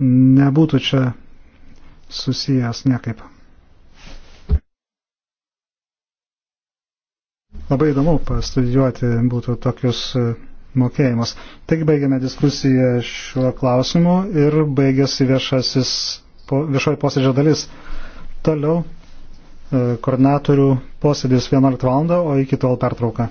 nebūtų čia susijęs niekaip. Labai įdomu pastudijuoti būtų tokius e, mokėjimus. Tik baigėme diskusiją šiuo klausimu ir baigėsi viešasis, po, viešoji posėdžio dalis. Toliau e, koordinatorių posėdis 11 val. o iki tol pertrauka.